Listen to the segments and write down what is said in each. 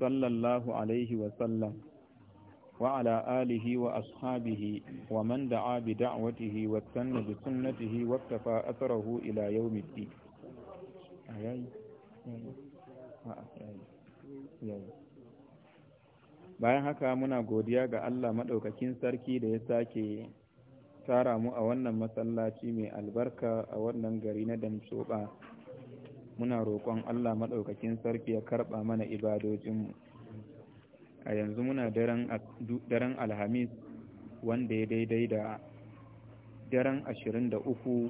sallallahu alaihi wasallam وعلى wa وأصحابه ومن دعا بدعوته واستنى بسنته واكتفى أثره إلى يوم الدين bayan haka muna godiya ga Allah maɗaukakin sarki da ya sake tara mu a wannan masallaci mai albarka a wannan gari na Damtsoba muna roƙon Allah maɗaukakin sarki ya karɓa mana ibadojinmu a yanzu muna daren alhamis wanda ya daidai da daren ashirin da uku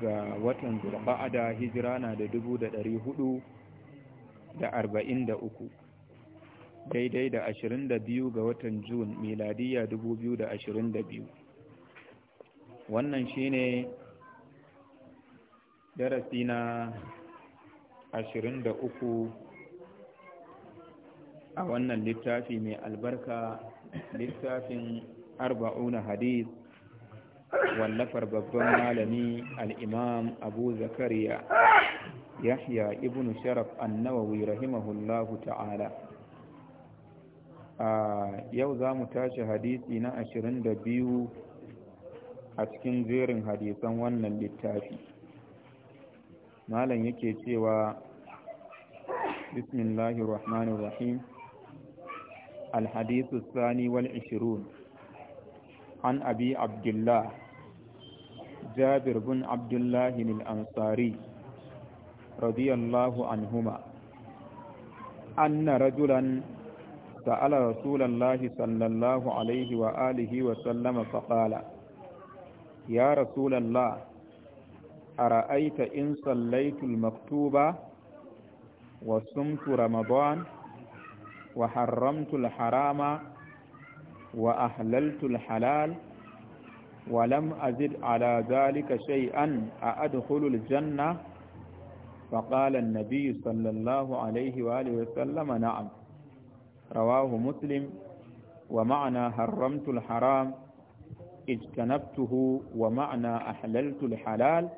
ga watan da hijira na da dubu da ɗari hudu da arba'in da uku daidai da ashirin da biyu ga watan jun miladiya dubu biyu da ashirin da biyu wannan shine ne darasi na ashirin da uku a wannan littafi mai albarka littafin arba'una hadith wallafar babban malami al'imam abu zakariya yahya ibn sharaf annawawi rahimahullahu ta'ala yau za mu tashi hadisi na ashirin da biyu a cikin jerin hadisan wannan littafi malam yake cewa bismillahi rahmanu rahim alhadisu sani wal ishirun an abi abdullah jabir bin abdullahi nil ansari radiyallahu anhuma anna rajulan سأل رسول الله صلى الله عليه وآله وسلم فقال يا رسول الله ara'aita in sallaitul maktuba wa sumtu ramadan wa haramtul harama wa ahlaltul halal wa lam azid ala zalika shai'an a adkhulul janna fa nabiyu sallallahu alayhi wa sallama na'am rawahu muslim wa ma'na haramtul haram wa ومعنى ahlaltul halal.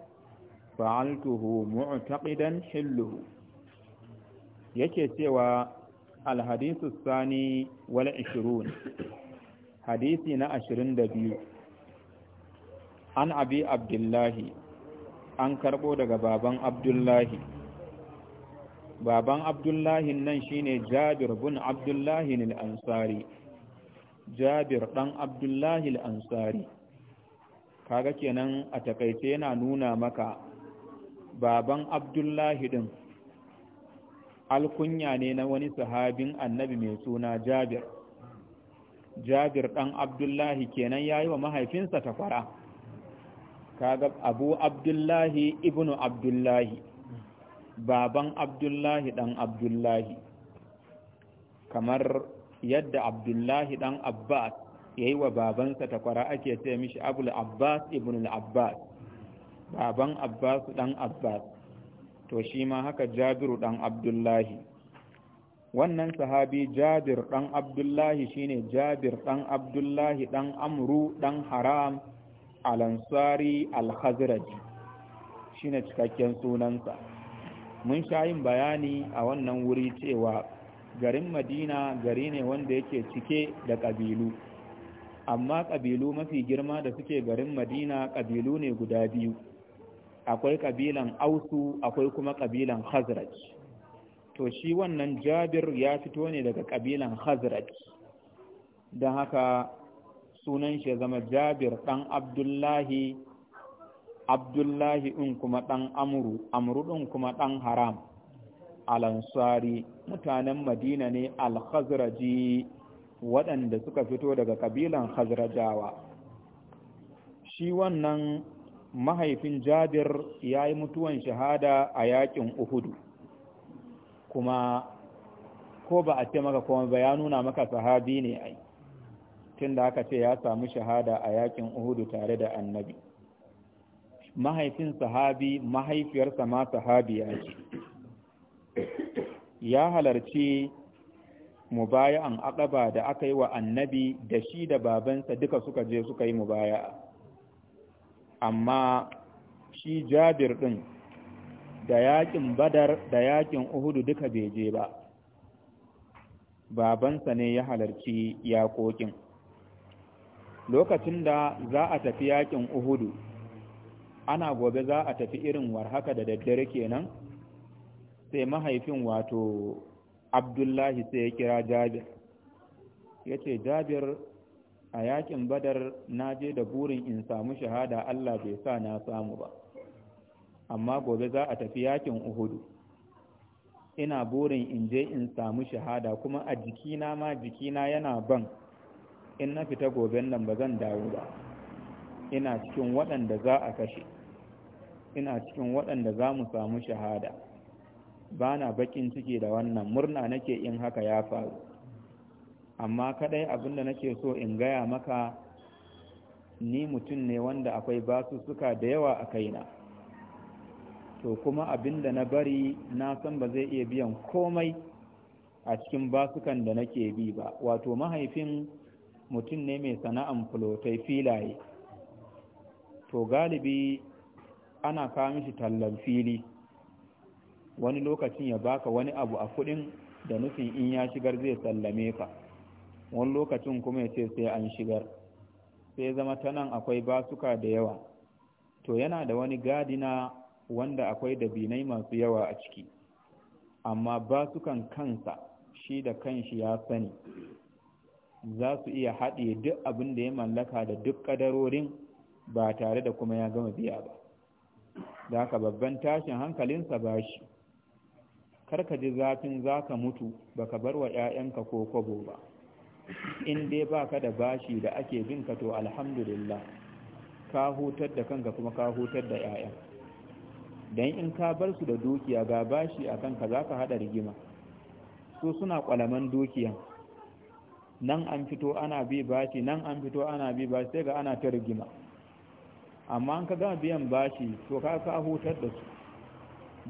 fa'altuhu mu’utaƙidan hilluhu yake cewa alhadisu sani wala 20 hadisi na ashirin da biyu. an abi abdullahi an karɓo daga baban abdullahi baban abdullahi nan shine jabir bin abdullahi al-ansari jabir ɗan abdullahi al-ansari kaga kenan a takaice yana nuna maka baban abdullahi din alkunya ne na wani sahabin annabi mai suna jabir jabir ɗan abdullahi kenan ya yi wa mahaifinsa takwara kaga abu abdullahi ibnu abdullahi baban abdullahi ɗan abdullahi kamar yadda abdullahi ɗan abbas ya yi wa babansa takwara ake ce mishi abul abbas Ibnu abbas baban Abbas ɗan Abbas, to shi ma haka Jabiru ɗan Abdullahi. Wannan sahabi Jabir ɗan Abdullahi shine Jabir ɗan Abdullahi ɗan Amru ɗan Haram al-Ansari al shine cikakken sunansa. Mun sha yin bayani a wannan wuri cewa garin Madina gari ne wanda yake cike da ƙabilu. Amma ƙabilu mafi girma da suke garin Madina ƙabilu ne guda biyu. akwai kabilan ausu akwai kuma kabilan khazraj to shi wannan jabir ya fito ne daga kabilan khazraj don haka sunan shi ya zama jabir dan abdullahi abdullahi in kuma dan amuru amuru din kuma dan haram alansari mutanen madina ne alhazraji waɗanda suka fito daga kabilan hazrajawa shi wannan mahaifin jabir ya yi mutuwan shahada a yakin uhudu kuma ko ba a ce maka kuma ba ya nuna maka sahabi ne ai tun da aka ce ya samu shahada a yakin uhudu tare da annabi mahaifin sahabi mahaifiyarsa ma ya ce ya halarci mu mubaya'an aqaba da aka yi wa annabi da shi da babansa duka suka je suka yi mu mubaya'a amma shi jabir ɗin da yakin badar da yakin uhudu duka bai je ba babansa ne ya halarci yakokin lokacin da za a tafi yakin uhudu ana gobe za a tafi irin warhaka da daddare kenan sai mahaifin wato abdullahi sai ya kira jabir ya ce jabir a yakin badar na je da burin in samu shahada Allah bai sa na samu ba amma gobe za a tafi yakin uhudu ina burin in je in samu shahada kuma a jikina ma jikina yana ban in na fita goben nan ba zan dawo ba ina cikin waɗanda za a kashe ina cikin waɗanda za mu samu shahada ba na bakin ciki da wannan murna nake in haka ya faru amma kadai abin da nake so in gaya maka ni mutum ne wanda akwai basu suka da yawa a kaina to kuma abin da na bari na san ba zai iya biyan komai a cikin basukan da nake bi ba wato mahaifin mutum ne mai sana'an fulotai filaye to galibi ana kawo mishi tallan fili wani lokacin ya baka wani abu a kudin da nufin in ya shigar zai sallame ka wani lokacin kuma ya ce sai an shigar sai zama ta nan akwai basuka da yawa to yana da wani gadina wanda akwai dabinai masu yawa a ciki amma basukan kansa shi da kanshi ya sani za su iya haɗe duk abin da ya mallaka da duk ƙadarorin ba tare da kuma ya gama biya ba da ka babban tashin hankalinsa ba shi karka ji zafin za ka mutu baka bar wa 'ya'yanka ko kwabo ba in dai ba ka da bashi da ake bin ka to alhamdulillah ka hutar da kanka kuma ka hutar da 'ya'ya don in ka bar su da dukiya ga bashi a kanka za ka haɗa rigima su suna kwalaman dukiyan nan an fito ana bi bashi nan an fito ana bi bashi sai ga ana ta rigima amma an ka gama biyan bashi to ka ka hutar da su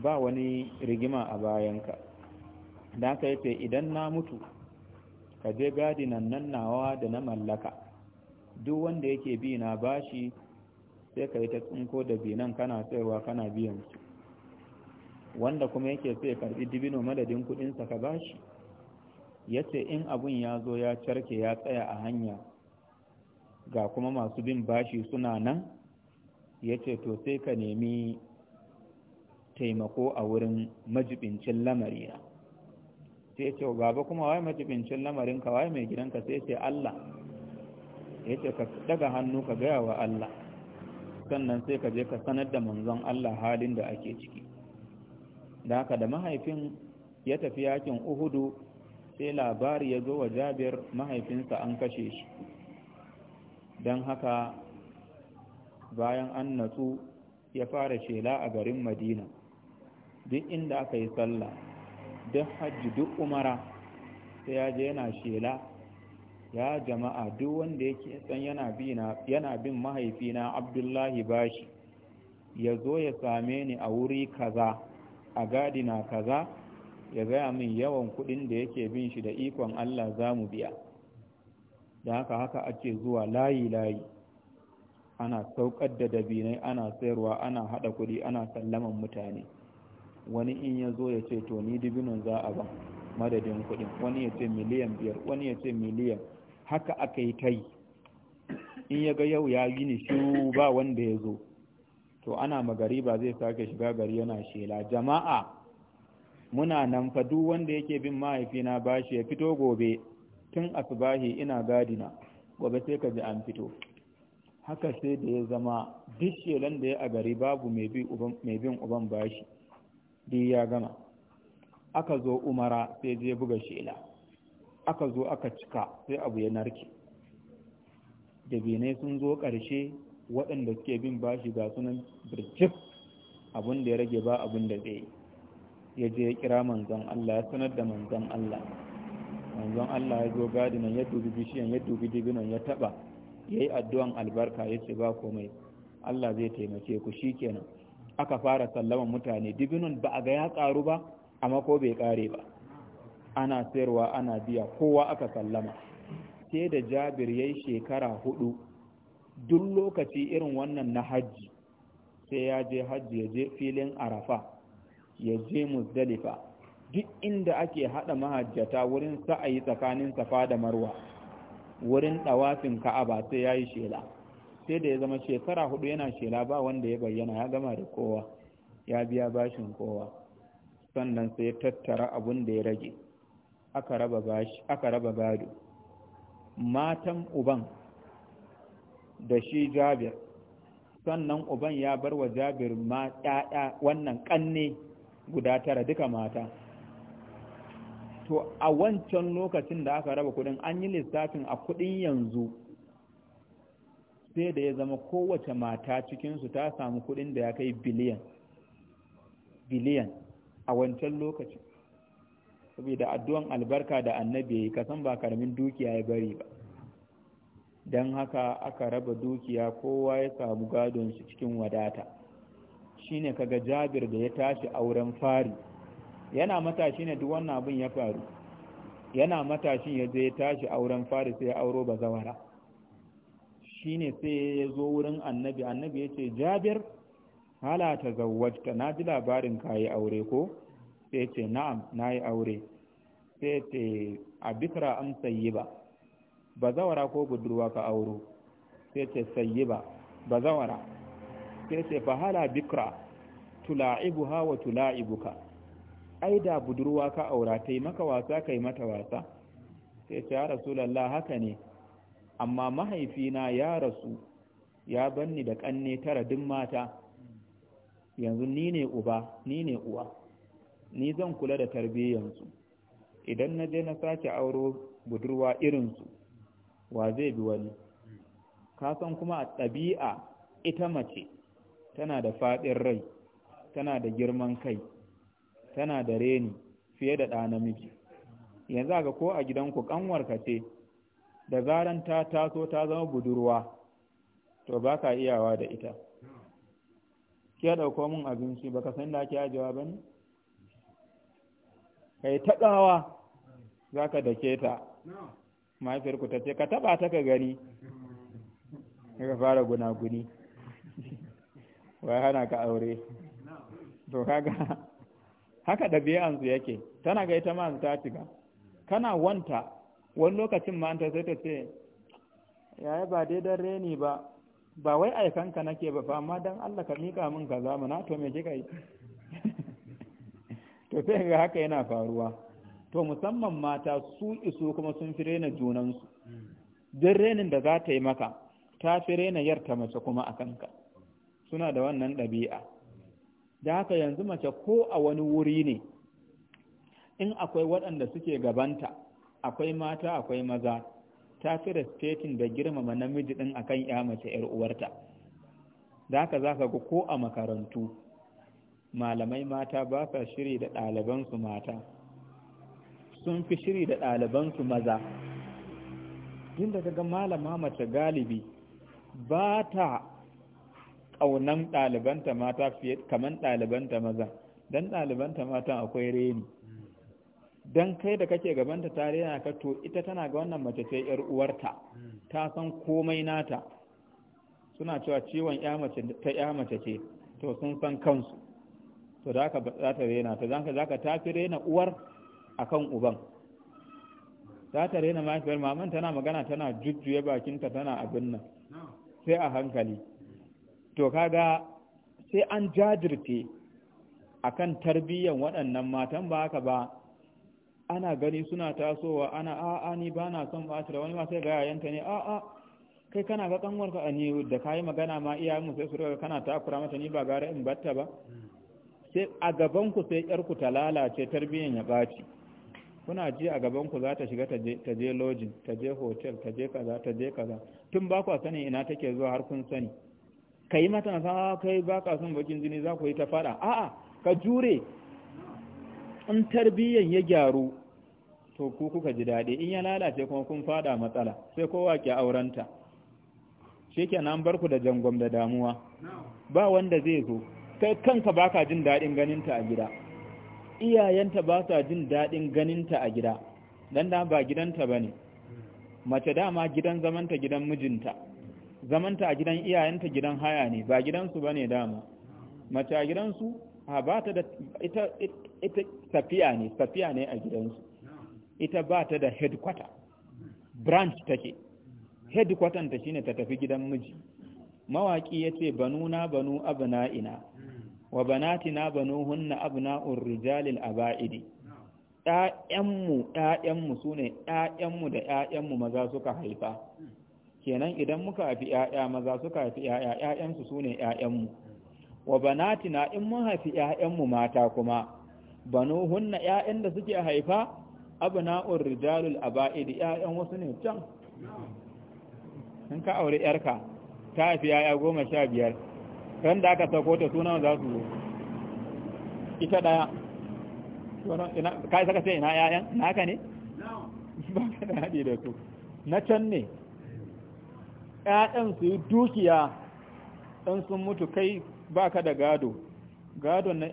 ba wani rigima a bayanka Na ka sai idan na mutu ka je gadinan nan nawa da na mallaka duk wanda yake bi na bashi sai ka yi ta tsinko da binan kana sayarwa kana biyan su wanda kuma yake sai karbi dibino madadin kudinsa ka bashi ya ce in abun ya zo ya carke ya tsaya a hanya ga kuma masu bin bashi suna nan ya ce to sai ka nemi taimako a wurin majibincin lamariya sai ya ce baba kuma waye lamarin ka waye mai gidanka sai ya ce Allah ya ce ka daga hannu ka gaya wa Allah sannan sai ka je ka sanar da manzon Allah halin da ake ciki da haka da mahaifin ya tafi yakin Uhudu sai labari ya zo wa Jabir mahaifinsa an kashe shi don haka bayan an natsu ya fara shela a garin Madina duk inda aka yi sallah duk hajji duk umara sai ya je yana shela ya jama'a duk wanda yake san yana bin mahaifina abdullahi bashi ya zo ya same ni a wuri kaza a gadina kaza ya gaya min yawan kuɗin da yake bin shi da ikon Allah za mu biya da haka haka ake zuwa layi-layi ana saukar da dabinai ana sayarwa ana haɗa kuɗi ana sallaman mutane wani in ya zo ya ce to ni dibinon za a ba madadin kuɗi, wani ya ce miliyan biyar wani ya ce miliyan haka aka yi kai in ya ga yau ya yi ni shi ba wanda ya zo to ana magari ba zai sake shiga gari yana shela jama'a muna nan fa duk wanda yake bin mahaifina bashi ya fito gobe tun asubahi ina gadina gobe sai ka ji an fito haka sai da ya zama duk shelan da ya a gari babu mai bin uban bashi duk ya gama aka zo umara sai je buga shela aka zo aka cika sai abu ya narke dabinai sun zo ƙarshe waɗanda suke bin bashi ga sunan birjif abin da ya rage ba abin da zai ya je ya kira manzon Allah ya sanar da manzon Allah manzon Allah ya zo gadinan ya dubi bishiyan ya dubi dibinan ya taba yayi addu'an albarka ya ce ba komai Allah zai taimake ku shikenan aka fara sallama mutane dibinun ba a ga ya karu ba amma ko bai kare ba ana sayarwa ana biya kowa aka sallama sai da jabir yayi shekara hudu duk lokaci irin wannan na hajji sai ya je hajji ya je filin arafa ya je muzdalifa duk inda ake hada mahajjata wurin sa'ayi tsakanin safa da marwa wurin dawafin ka'aba sai yayi shela sai da ya zama shekara hudu yana shela ba wanda ya bayyana ya gama da kowa ya biya bashin kowa sannan sai ya tattara abun da ya rage aka raba gado matan uban da shi jabir sannan uban ya bar wa jabir ma ƴaƴa wannan ƙanne guda tara duka mata to a wancan lokacin da aka raba kudin an yi lissafin a kudin yanzu sai da ya zama kowace mata cikinsu ta samu kuɗin da ya kai biliyan biliyan a wancan lokaci saboda addu'an albarka da annabi ya yi kasan ba karamin dukiya ya bari ba don haka aka raba dukiya kowa ya samu gadon shi cikin wadata shine kaga jabir da ya tashi auren fari yana matashi ne duk wannan abin ya faru yana matashin ya je ya tashi auren fari sai ya auro bazawara shine sai ya zo wurin annabi annabi ya ce jabir hala ta zawajta na ji labarin ka yi aure ko sai ce na'am na yi aure sai ce a bikira an sayi ba Ba zawara ko budurwa ka auro sai ce sayi ba Ba zawara sai ce fa hala bikira tula'ibuha wa ka. ai da budurwa ka aura ta yi maka wasa ka yi mata wasa sai ce ya rasulallah haka ne amma mahaifina ya rasu ya banni da ƙanne tara din mata yanzu ni ne uba ni ne uwa ni zan kula da tarbiyyansu idan na je na sake auro budurwa irinsu wa zai bi wani kasan kuma a ɗabi'a ita mace tana da faɗin rai tana da girman kai tana da reni fiye da ɗa namiji yanzu ga ko a gidanku ƙanwarka ce da zaran ta taso ta zama budurwa to ba ka iyawa da ita Kiya ɗauko min abinci ba ka san da ake ajiyewa ba ne kai taɗawa za ka dake ta mahaifiyarku ta ce ka taɓa ta ka gani ka fara gunaguni wa hana ka aure to kaga haka ɗabi'ansu yake tana ga ita ma ta cika kana wanta wani lokacin ma an ta sai ta ce yaya ba dai reni ba ba wai aikanka nake ba fa amma don Allah ka mika min za mu na to me kika yi to sai ga haka yana faruwa to musamman mata su isu kuma sun fi rena junansu duk renin da za ta yi maka ta fi rena yarta mace kuma a kanka suna da wannan ɗabi'a da haka yanzu mace ko a wani wuri ne in akwai waɗanda suke gabanta akwai mata akwai maza ta fi respecting da girmama namiji din akan ya mace yar uwarta da haka zaka ga ko a makarantu malamai mata ba sa shiri da ɗalibansu mata sun fi shiri da ɗalibansu maza da ga malama mace galibi ba ta ƙaunan ɗalibanta mata fiye kamar ɗalibanta maza don ɗalibanta mata akwai reni dan kai da kake gabanta ta rena ka to ita tana ga wannan mace ce yar uwarta hmm. ta san komai nata suna cewa ciwon ya mace ta ya mace ce to sun san kansu to da ka za ta rena ta zanka zaka ta fi rena uwar akan uban za ta rena mahaifiyar maman tana magana tana jujjuya bakinta tana abin nan sai a hankali to kaga sai an jajirce akan tarbiyyan waɗannan matan ba haka ba ana gani suna tasowa ana a'a ni ba na son ɓata wani ma sai ga ne a'a kai kana ga kanwar a ne da kayi magana ma iya mu sai su riga kana takura mata ni ba gara in batta ba sai a gaban ku sai yar ku ta lalace tarbiyyan ya baci kuna ji a gaban ku za ta shiga ta je lodging ta je hotel ta je kaza ta je kaza tun ba ku sani ina take zuwa har kun sani kai mata na kai ba ka son bakin jini za ku yi ta fada a'a ka jure in tarbiyyan ya gyaru to ku kuka ji daɗi in ya lalace kuma kun fada matsala sai kowa ke aurenta shi an nan barku da jangwam da damuwa ba wanda zai zo kai kanka baka jin daɗin ganinta a gida iyayenta ba sa jin daɗin ganinta a gida dan da ba gidanta bane mace dama gidan zamanta gidan mijinta zamanta a gidan iyayenta gidan haya ne ba gidansu bane dama mace a gidansu a ba ta da ita, ita, ita tafiya ne tafiya ne a gidansu ita ba ta da headquarter branch take headquarter ta shine ta tafi gidan miji mawaki yace banuna banu abna'ina wa na banu hunna abna'ur rijalil aba'idi ‘ya'yanmu ‘ya'yanmu su ne ‘ya'yanmu da mu maza suka haifa kenan idan muka haifi ƴaƴa maza suka haifi ƴaƴa ƴaƴan su ne mu wa na in mun haifi mu mata kuma banu hunna ƴaƴan da suke haifa abna'ur rijalul aba'id ƴaƴan wasu ne can in ka aure yarka ta haifi yaya goma sha biyar ran da aka sako ta suna za su zo ita ɗaya. ka yi saka sai ina yayan naka ne ba ka da haɗe da su na can ne ƴaƴan su yi dukiya ɗan sun mutu kai ba ka da gado Gado na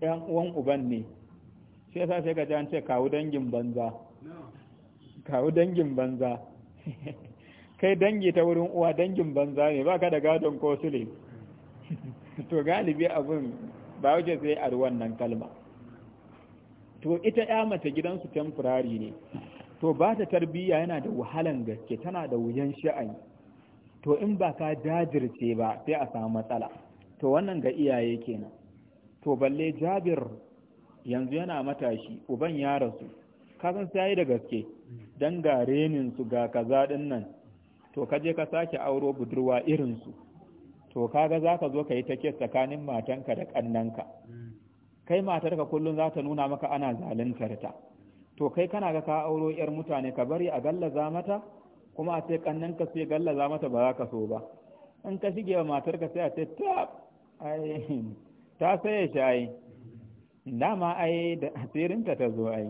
ƴan uwan uban ne sai ya sai ka an ce kawo dangin banza kawo dangin banza kai dangi ta wurin uwa dangin banza ne baka da gadon ko sule to galibi abin ba wuce sai a ruwan nan kalma to ita ya mace gidansu temporary ne to ba ta tarbiyya yana da wahalan gaske tana da wuyan sha'ani to in ba ka jajirce ba sai a samu matsala to wannan ga iyaye kenan to balle jabir yanzu yana matashi uban ya rasu kasan sai yi da gaske dan ga su ga kaza din nan to ka je ka sake auro budurwa irin su to kaga ka zo ka yi ta kes tsakanin matanka da kannanka kai matarka kullum za ta nuna maka ana zaluntar ta to kai kana ga ka auro yar mutane ka bari a gallaza mata kuma a ce kannanka sai gallaza mata ba za ka so ba in ka shige wa matarka sai a ce ta ai ta sai shayi dama ai da asirinta ta zo ai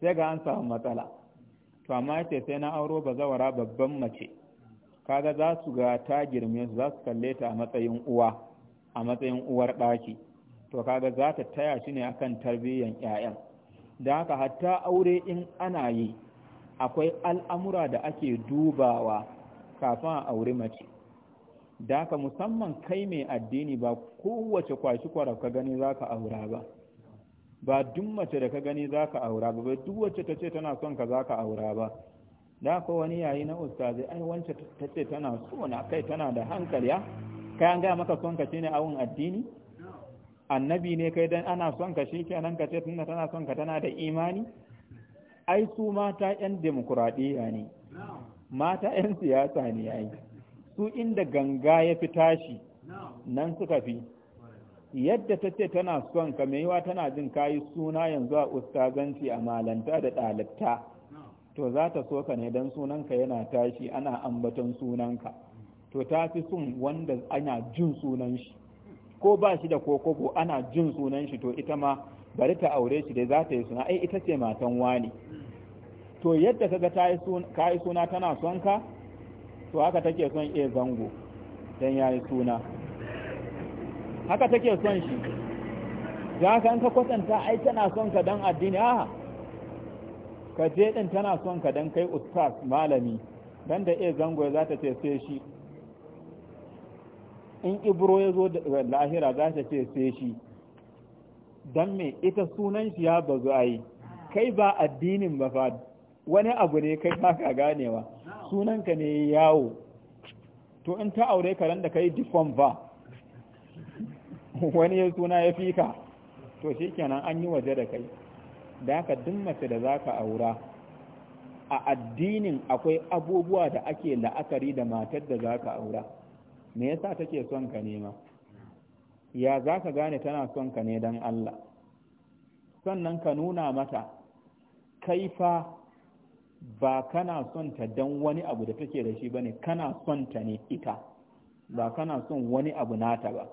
sai ga an samu matsala to amma ce sai na auro bazawara babban mace kaga za su ga ta girme su za su kalle ta a matsayin uwa a matsayin uwar ɗaki to kaga za ta taya shi ne akan tarbiyyan 'ya'yan da haka hatta aure in ana yi akwai al'amura da ake dubawa kafin a aure mace da haka musamman kai mai addini ba kowace kwashi kwara ka gani za ka aura ba ba duk mace da ka gani za ka aura ba duk wacce ta ce tana son ka za ka aura ba da ko wani yayi na ustazi ai wance ta ce tana so na kai tana da hankali ya kai an gaya maka son ka shine awun addini annabi ne kai dan ana son ka shi nan ka ce tunda tana son ka tana da imani ai su mata yan demokradiya ne mata yan siyasa ne yayi su inda ganga ya fi tashi nan suka fi yadda ta ce tana son ka mai yiwa tana jin kayi suna yanzu a ustazanci a malanta da ɗalibta to za ta so ka ne don sunanka yana tashi ana ambaton sunanka to ta fi sun wanda ana jin sunan shi ko ba shi da kokobo ana jin sunan shi to ita ma bari ta aure shi dai za ta yi suna ai ita ce matan wani to yadda kaga ka yi suna tana son ka to haka take son iya zango Dan yayi suna haka take son shi Ya ka an ka kwatanta ai tana son ka dan addini a ka je din tana son ka dan kai ustaz malami dan da iya zango za ta ce sai shi in ibro ya zo lahira za ta ce sai shi dan me ita sunan shi ya bazu ai kai ba addinin ba fa wani abu ne kai ba ka ganewa sunanka ne yawo to in ta aure ka ran da kai difon ba wani ya suna ya fi ka to shi kenan an yi waje da kai da haka duk mace da za ka aura a addinin akwai abubuwa da ake la'akari da matar da za ka aura me yasa take son ka nema ya za ka gane tana son ka ne don Allah sannan ka nuna mata kai fa ba kana son ta don wani abu da take da shi bane kana son ta ne ita ba kana son wani abu nata ba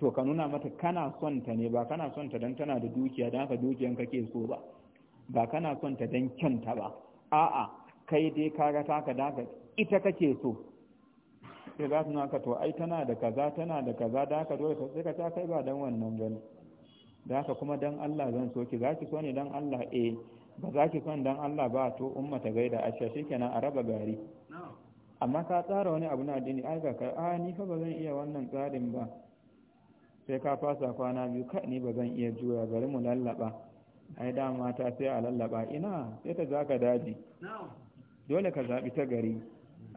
to ka nuna mata kana son ta ne ba kana son ta dan tana da dukiya dan haka dukiyan kake so ba ba kana son ta dan kyanta ba a'a kai dai kaga taka ka daga ita kake so sai za su naka to ai tana da kaza tana da kaza da haka dole sai ka ta kai ba dan wannan bane da haka kuma dan Allah zan so ki zaki so ne dan Allah eh ba za ki son dan Allah ba to umma ta gaida asha shikenan a raba gari amma ka tsara wani abu na addini ai ga ka a ah, ni fa ba zan iya wannan tsarin ba sai ka fasa kwana biyu ka ni ba zan iya juya bari mu lallaba ai da mata sai a lallaba ina sai ta zaka daji dole ka zabi ta gari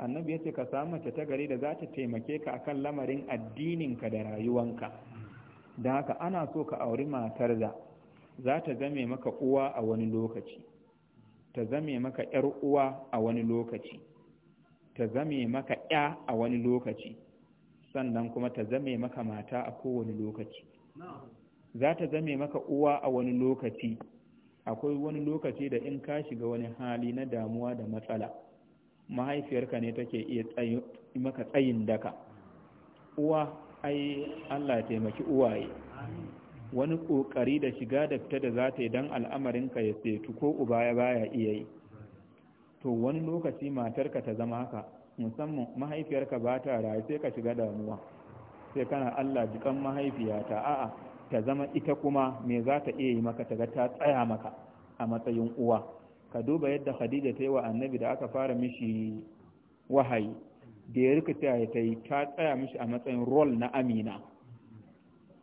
annabi yace ka samu mace ta gari da za ta taimake ka akan lamarin addinin ka da rayuwanka da haka ana so ka auri matar da za ta zame maka uwa a wani lokaci ta zame maka ‘yar uwa a wani lokaci, ta zame maka ‘ya a wani lokaci, sannan kuma ta zame maka mata a kowane lokaci za ta zame maka uwa a wani lokaci akwai wani lokaci da in ka shiga wani hali na damuwa da matsala mahaifiyarka ne take iya maka tsayin daka uwa ai Allah ya taimaki uwaye wani ƙoƙari da shiga da fita da za ta yi don al'amarinka ya setu ko uba ya baya iya yi to wani lokaci matarka ta zama haka musamman mahaifiyarka ba ta rayu sai ka shiga damuwa sai kana Allah jikan mahaifiyata a'a ta zama ita kuma me za ta iya yi maka ta ga ta tsaya maka a matsayin uwa ka duba yadda Khadija ta yi wa Annabi da aka fara mishi wahayi da ya rikita ya ta yi ta tsaya mishi a matsayin rol na Amina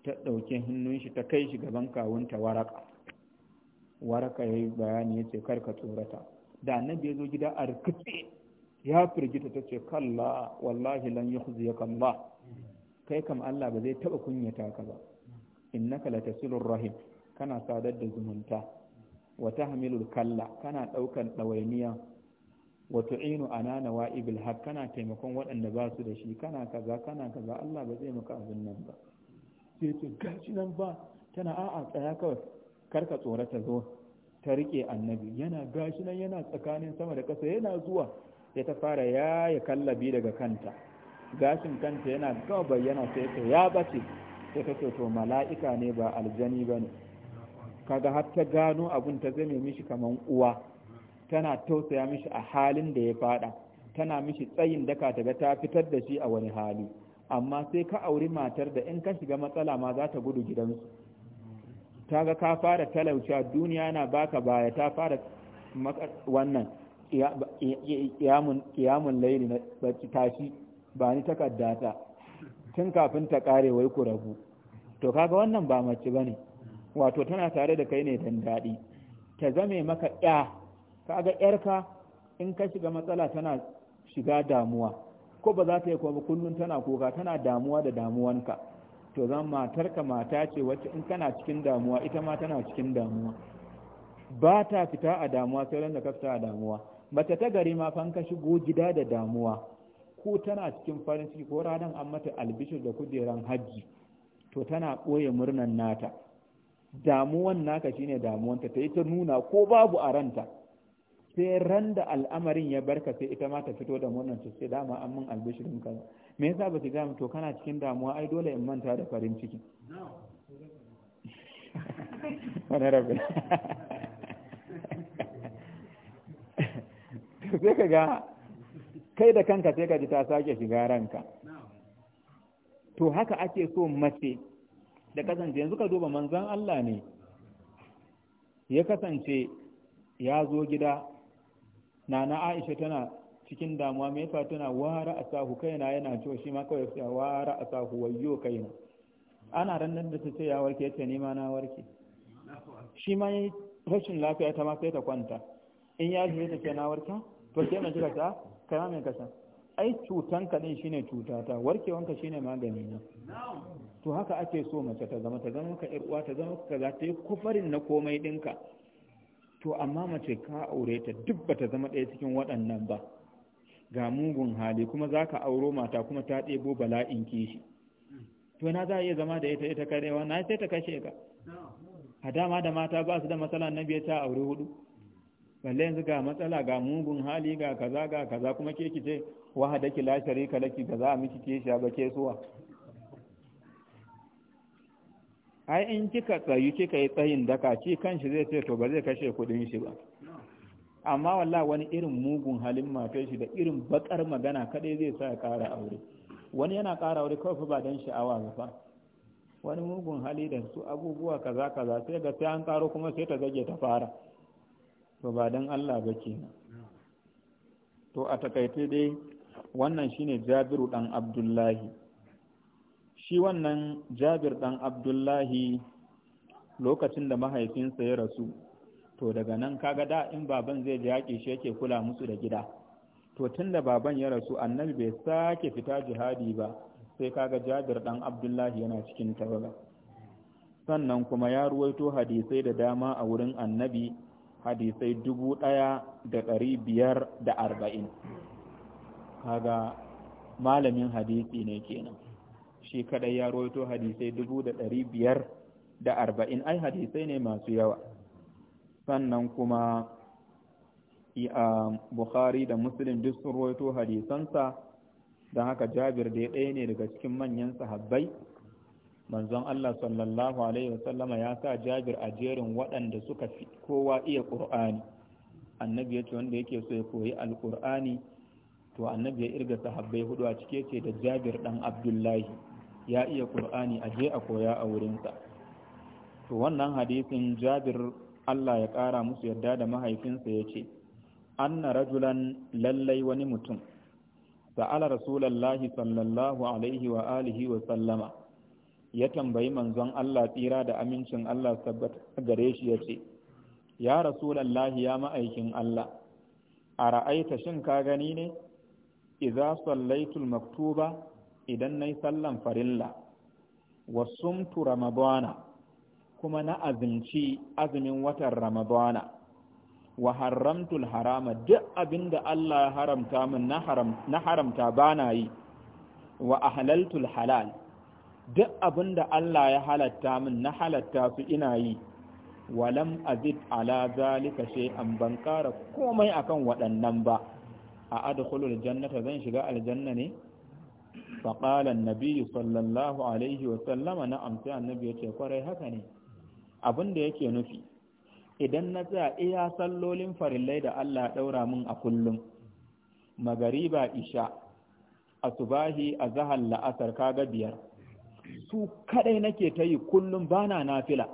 ta ɗauki hannun shi ta kai shi gaban kawunta waraka waraka ya yi bayani ya ce karka tsorata da annabi ya zo gida a rikice ya firgita ta ce kalla wallahi lan yukhziyaka Allah kai kam Allah ba zai taba kunyata ka ba innaka latasilur rahim kana sadar da zumunta wata tahmilul kalla kana daukan dawainiya wa tu'inu ana Ibil haq kana taimakon waɗanda ba su da shi kana kaza kana kaza Allah ba zai maka abin nan ba sai ce gashi nan ba tana a'a tsaya kawai karka tsorata zo ta rike annabi yana gashi nan yana tsakanin sama da ƙasa yana zuwa sai ta fara yaya kallabi daga kanta gashin kanta yana gawa bayyana sai ta ya bace sai ta to mala'ika ne ba aljani ba ne kaga har ta gano abun ta zame mishi kaman uwa tana tausaya mishi a halin da ya fada tana mishi tsayin daka ta ga ta fitar da shi a wani hali amma sai ka auri matar da in ka shiga matsala ma za ta gudu gidansu ta ga ka fara a duniya na baka baya ta fara wannan ƙiyamun laili na bacci tashi ba ni ta, tun kafin ta kare wai ku rabu to kaga wannan ba mace ba ne wato tana tare da kai ne dan daɗi ta zame maka ƴa kaga ƴarka in ka shiga matsala tana shiga damuwa ko ba za ta yi kuma kullum tana kuka tana damuwa da damuwanka to zan matarka mata ce wacce in kana cikin damuwa ita ma tana cikin damuwa ba ta fita a damuwa sai ran da ka fita a damuwa mace ta gari ma fa ka shigo gida da damuwa ko tana cikin farin ciki ko ranar an mata albishir da kujeran hajji to tana ɓoye murnan nata damuwan naka shine damuwanta ta yi ta nuna ko babu a ranta sai ran da al'amarin ya barka sai ita ma ta fito da murnan ta sai dama an mun albishirin kaza me yasa ba ki ga to kana cikin damuwa ai dole in manta da farin ciki wani rabin sai ka ga kai da kanka sai ka ji ta sake shiga ranka to haka ake so mace da kasance yanzu ka duba manzan Allah ne ya kasance ya zo gida nana Aisha tana cikin damuwa me yasa tana wara asahu kaina yana cewa shi ma kawai sai wara asahu wayyo kaina ana rannan da ta ce ya warke ta ma na warke shi ma rashin lafiya ta ma sai ta kwanta in ya ji ta ce na warke to ke mai kika ta mai kasa ai cutan ka din shine cutata warkewanka shine magani na to haka ake so mace ta zama ta zama ka yar ta zama ka za ta yi kufarin na komai ɗinka. to amma mace ka aure ta duk ta zama ɗaya cikin waɗannan ba ga mugun hali kuma za ka auro mata kuma ta ɗebo bala'in kishi to na za a iya zama da ita ita karewa na sai ta kashe ka a dama da mata ba su da matsala na biya ta aure hudu balle yanzu ga matsala ga mugun hali ga kaza ga kaza kuma ke ki ce wahadaki la sharika laki da za a miki ke shi ba ke suwa ai in kika tsayi kika yi tsayin daka ci kanshi zai ce to ba zai kashe kudin shi ba amma wallahi wani irin mugun halin matar shi da irin bakar magana kadai zai sa ya kara aure wani yana kara aure kawai ba dan sha'awa ba wani mugun hali da su abubuwa kaza kaza sai ga sai an karo kuma sai ta zage ta fara to ba don Allah ba ke to a takaice dai wannan shine jabiru ɗan abdullahi shi wannan jabir ɗan abdullahi lokacin da mahaifinsa ya rasu to daga nan kaga da in baban zai je yaƙi shi yake kula musu da gida to tun da baban ya rasu annabi bai sake fita jihadi ba sai kaga jabir ɗan abdullahi yana cikin tawaga sannan kuma ya ruwaito hadisai da dama a wurin annabi hadisai dubu ɗaya da ɗari biyar da arba'in kaga malamin hadisi ne kenan shi kaɗai ya roito hadisai dubu da ɗari biyar da arba'in ai hadisai ne masu yawa sannan kuma a Bukhari da Muslim duk sun roito hadisansa don haka Jabir dai ɗaya ne daga cikin manyan sahabbai manzon Allah sallallahu alaihi wasallama ya sa Jabir a jerin waɗanda suka fi kowa iya Qur'ani annabi ya ce wanda yake so ya koyi alqur'ani to annabi ya irga sahabbai hudu a cike ce da Jabir ɗan Abdullahi ya iya Qur'ani a je a koya a wurinsa to wannan hadisin Jabir Allah ya ƙara musu yarda da mahaifinsa ya ce anna rajulan lallai wani mutum sa'ala rasulallahi sallallahu alaihi wa alihi wa sallama ya tambayi manzon Allah tsira da amincin Allah gare shi ya ce ya rasulallahi ya ma'aikin Allah a ra'aita shin ka gani ne idza sallaitul maktuba idan nayi sallan farilla wa sumtu ramadana kuma na azumci azumin watan ramadana wa haramtul harama duk abinda Allah ya haramta min na haramta bana yi wa ahlaltul halal duk abin da Allah ya halatta min na halatta su ina yi walam azid ala zalika shay'an ban kara komai akan waɗannan ba a adkhulul jannata zan shiga aljanna ne fa qala an sallallahu alaihi wa sallama na amsa annabi yace kwarai haka ne abin da yake nufi idan na tsaya iya sallolin farillai da Allah daura min a kullum magariba isha asubahi azhar la'asar kaga biyar su kadai nake ta yi kullum bana nafila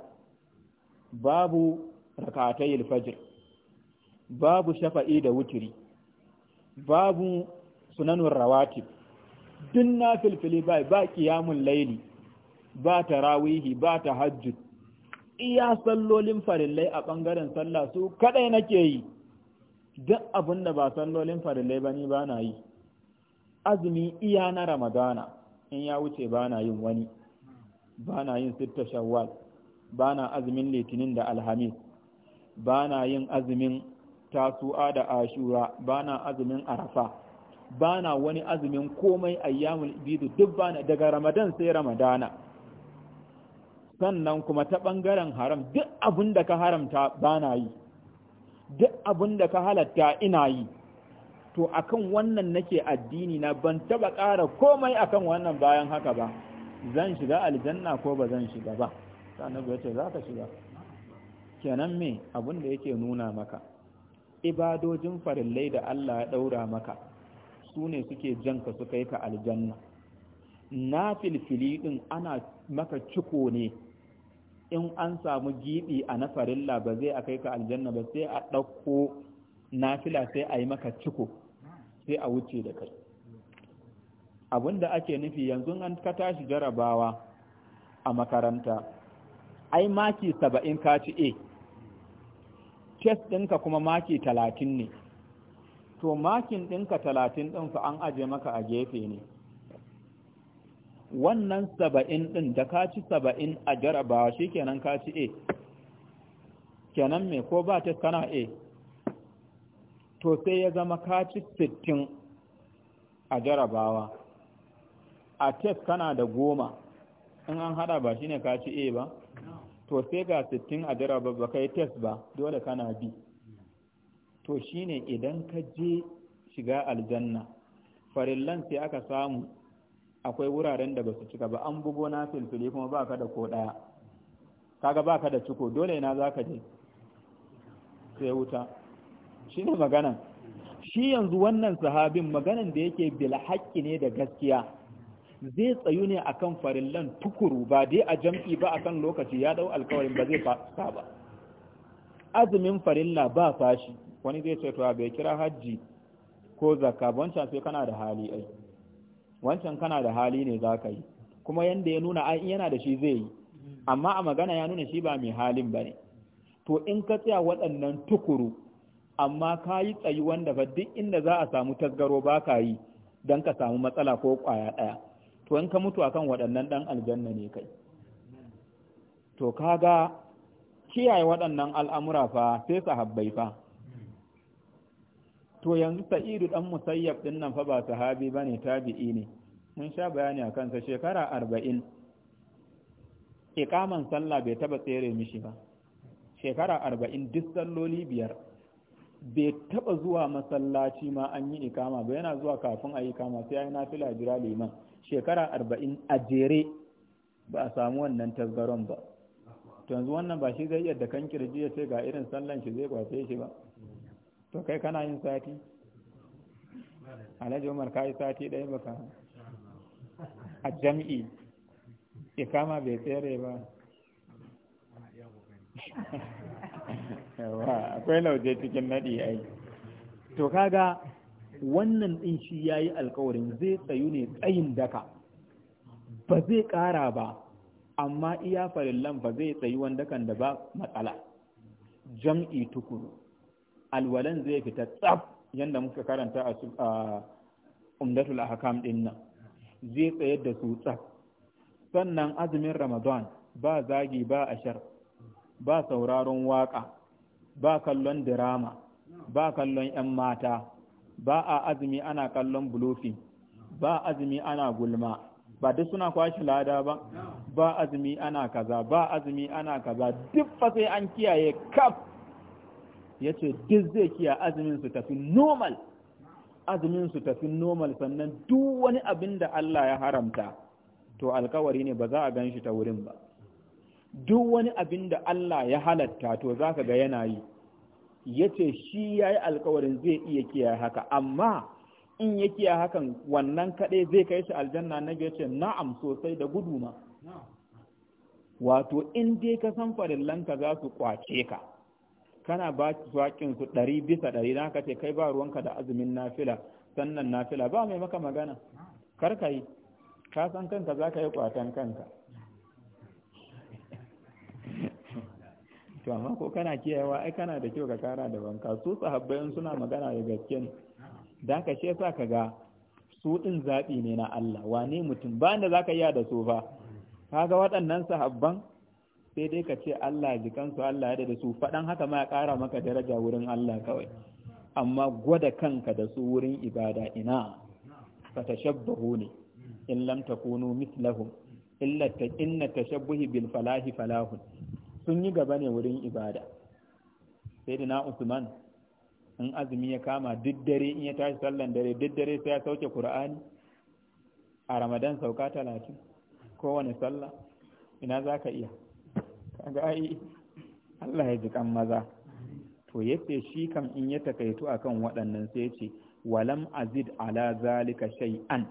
babu rakatai alfajir babu shafa'i da wutiri babu sunanun rawatib duk nafilfili ba ba qiyamul laili ba tarawihi ba tahajjud iya sallolin farillai a bangaren sallah su kadai nake yi duk abin ba sallolin farillai ba ni ba na yi azumi iya na ramadana in ya wuce ba na yin wani ba na yin sitta shawwal ba na azumin litinin da alhamis ba na yin azumin tasu'a da ashura ba na azumin arafa ba na wani azumin komai ayyamul bidu duk ba na daga ramadan sai ramadana sannan kuma ta ɓangaren haram duk abin ka haramta ba na yi duk abin da ka halatta ina yi to akan wannan nake addini na ban taba ƙara komai akan wannan bayan haka ba zan shiga aljanna ko ba zan shiga ba annabi ya ce za ka shiga kenan me abin da yake nuna maka ibadojin farillai da Allah ya ɗaura maka su ne suke janka su kai ka aljanna na filfili ɗin ana maka ciko ne in an samu giɓi a na farilla ba zai a kai ka aljanna ba sai a ɗauko nafila sai a yi maka ciko sai a wuce da kai abinda ake nufi yanzu an ka tashi jarabawa a makaranta ai maki saba'in ka ci a test ɗinka kuma maki talatin ne to makin ɗinka talatin ɗin fa an aje maka a gefe ne wannan saba'in ɗin da ka ci saba'in a jarabawa shi kenan ka ci a kenan me ko ba test kana a to sai ya zama kaci sittin a jarabawa a test kana da goma in an hada ba shine kaci a ba to sai ga sittin a jaraba ba kai test ba dole kana bi to shine idan ka je shiga aljanna farillan sai aka samu akwai wuraren da ba su cika ba an bugo na filfili kuma ba ka da ko daya kaga ba ka da ciko dole na za ka je sai wuta ne maganan shi yanzu wannan sahabin maganan da yake bil ne da gaskiya zai tsayu ne akan farillan tukuru ba dai a jam'i ba akan lokaci ya dau alkawarin ba zai fasa ba azumin farilla ba fashi wani zai ce to bai kira hajji ko zakka wancan sai kana da hali ai wancan kana da hali ne zaka yi kuma yanda ya nuna ai yana da shi zai yi amma a magana ya nuna shi ba mai halin bane to in ka tsaya waɗannan tukuru amma ka yi tsayi wanda ba duk inda za a samu tasgaro ba ka yi don ka samu matsala ko ƙwaya ɗaya to in ka mutu akan waɗannan ɗan aljanna ne kai to ka ga kiyaye waɗannan al'amura fa sai su habbai fa to yanzu sa'idu ɗan musayyab ɗin nan fa ba sahabi ba ne tabi'i ne mun sha bayani a kansa shekara arba'in ikaman sallah bai taɓa tsere mishi ba shekara arba'in duk salloli biyar bai taba zuwa masallaci ma an yi ikama ba yana zuwa kafin a yi ikama sai ya nafila jira liman shekara arba'in a jere ba a samu wannan tasgaron ba to yanzu wannan ba shi zai iya da kan kirji ya ga irin sallan shi zai kwace shi ba to kai kana yin sati alhaji umar ka sati ɗaya baka a jam'i ikama bai tsere ba akwai lauje cikin naɗi ai to kaga wannan ɗin shi ya yi alkawarin zai tsayu ne tsayin daka ba zai ƙara ba amma iya farin lamfa zai tsayi kan da ba matsala jam'i tukuru alwalan zai fita tsaf yadda muka karanta a umdatul Hakam ɗin nan zai tsayar da su tsaf sannan azumin ramadan ba zagi ba ashar ba sauraron waƙa. ba kallon dirama ba kallon 'yan mata ba a azumi ana kallon bulofi ba azumi ana gulma ba duk suna kwashi lada ba ba azumi ana kaza ba azumi ana kaza duk fa sai an kiyaye kaf yace duk zai kiya azumin su tafi normal azumin su tafi normal sannan duk wani abin da Allah ya haramta to alkawari ne ba za a ganshi ta wurin ba duk wani abin da Allah ya halatta to za ka ga yana yi ya ce shi ya yi alkawarin zai iya kiyaye haka amma in ya kiyaye hakan wannan kaɗai zai kai shi aljanna na biyar ce na'am sosai da guduma wato in dai ka san farillanka za su kwace ka kana ba su haƙin ɗari bisa ɗari na ka ce kai ba ruwanka da azumin nafila sannan nafila ba mai maka magana kar ka yi ka san kanka za ka yi kwatan kanka to amma ko kana kiyayewa ai kana da kyau ka kara da banka su sahabbai suna magana da gaske ne dan ka ce sa ka ga su din zabi ne na Allah wane mutum ba da zaka iya da su ba kaga waɗannan sahabban sai dai ka ce Allah jikansu Allah ya da su faɗan haka ma ya kara maka daraja wurin Allah kawai amma gwada kanka da su wurin ibada ina fatashabbahu ne in lam takunu mislahum illa inna tashabbuhi bil falahi falahun sun yi gaba ne wurin ibada sai da na usman in azumi ya kama duk dare in ya tashi sallan dare duk dare sai ya sauke qur'ani a ramadan sauka talatin kowane sallah ina za ka iya kaga ai allah ya ji kan maza to yace shi kam in ya takaitu akan waɗannan sai ya ce walam azid ala zalika shay'an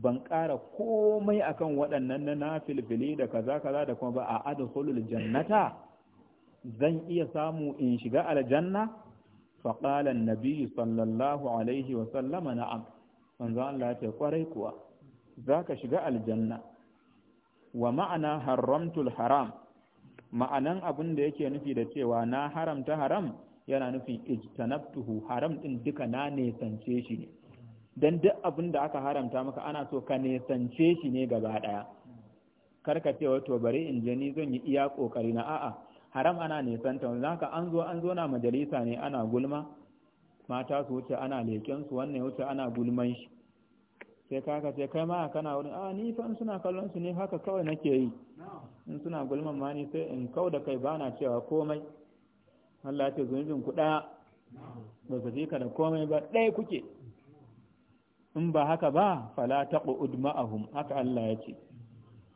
ban ƙara komai akan waɗannan na filfili da kaza kaza da kuma ba a adkhulul jannata zan iya samu in shiga aljanna Faƙalan sallallahu alaihi wa sallama na'am manzo Allah ya ƙwarai kwarai kuwa ka shiga aljanna wa ma'ana haramtul haram ma'anan abin da yake nufi da cewa na haramta haram yana nufin ijtanabtuhu haram din duka na nesance shi ne dan duk abin da aka haramta maka ana so ka nesance shi ne gaba daya karka ce wato bari in je ni zan yi iya kokari na a'a haram ana nesanta wanda haka an zo an zo na majalisa ne ana gulma mata su wuce ana leken su wannan ya wuce ana gulman shi sai kaka ce kai ma kana wurin a ni fa suna kallon su ne haka kawai nake yi in suna gulman ma ni sai in kauda da kai bana cewa komai Allah ya ce zunubin ku ɗaya, ba su ka da komai ba ɗaya kuke in ba haka ba fala taqud ma'ahum haka Allah ya ce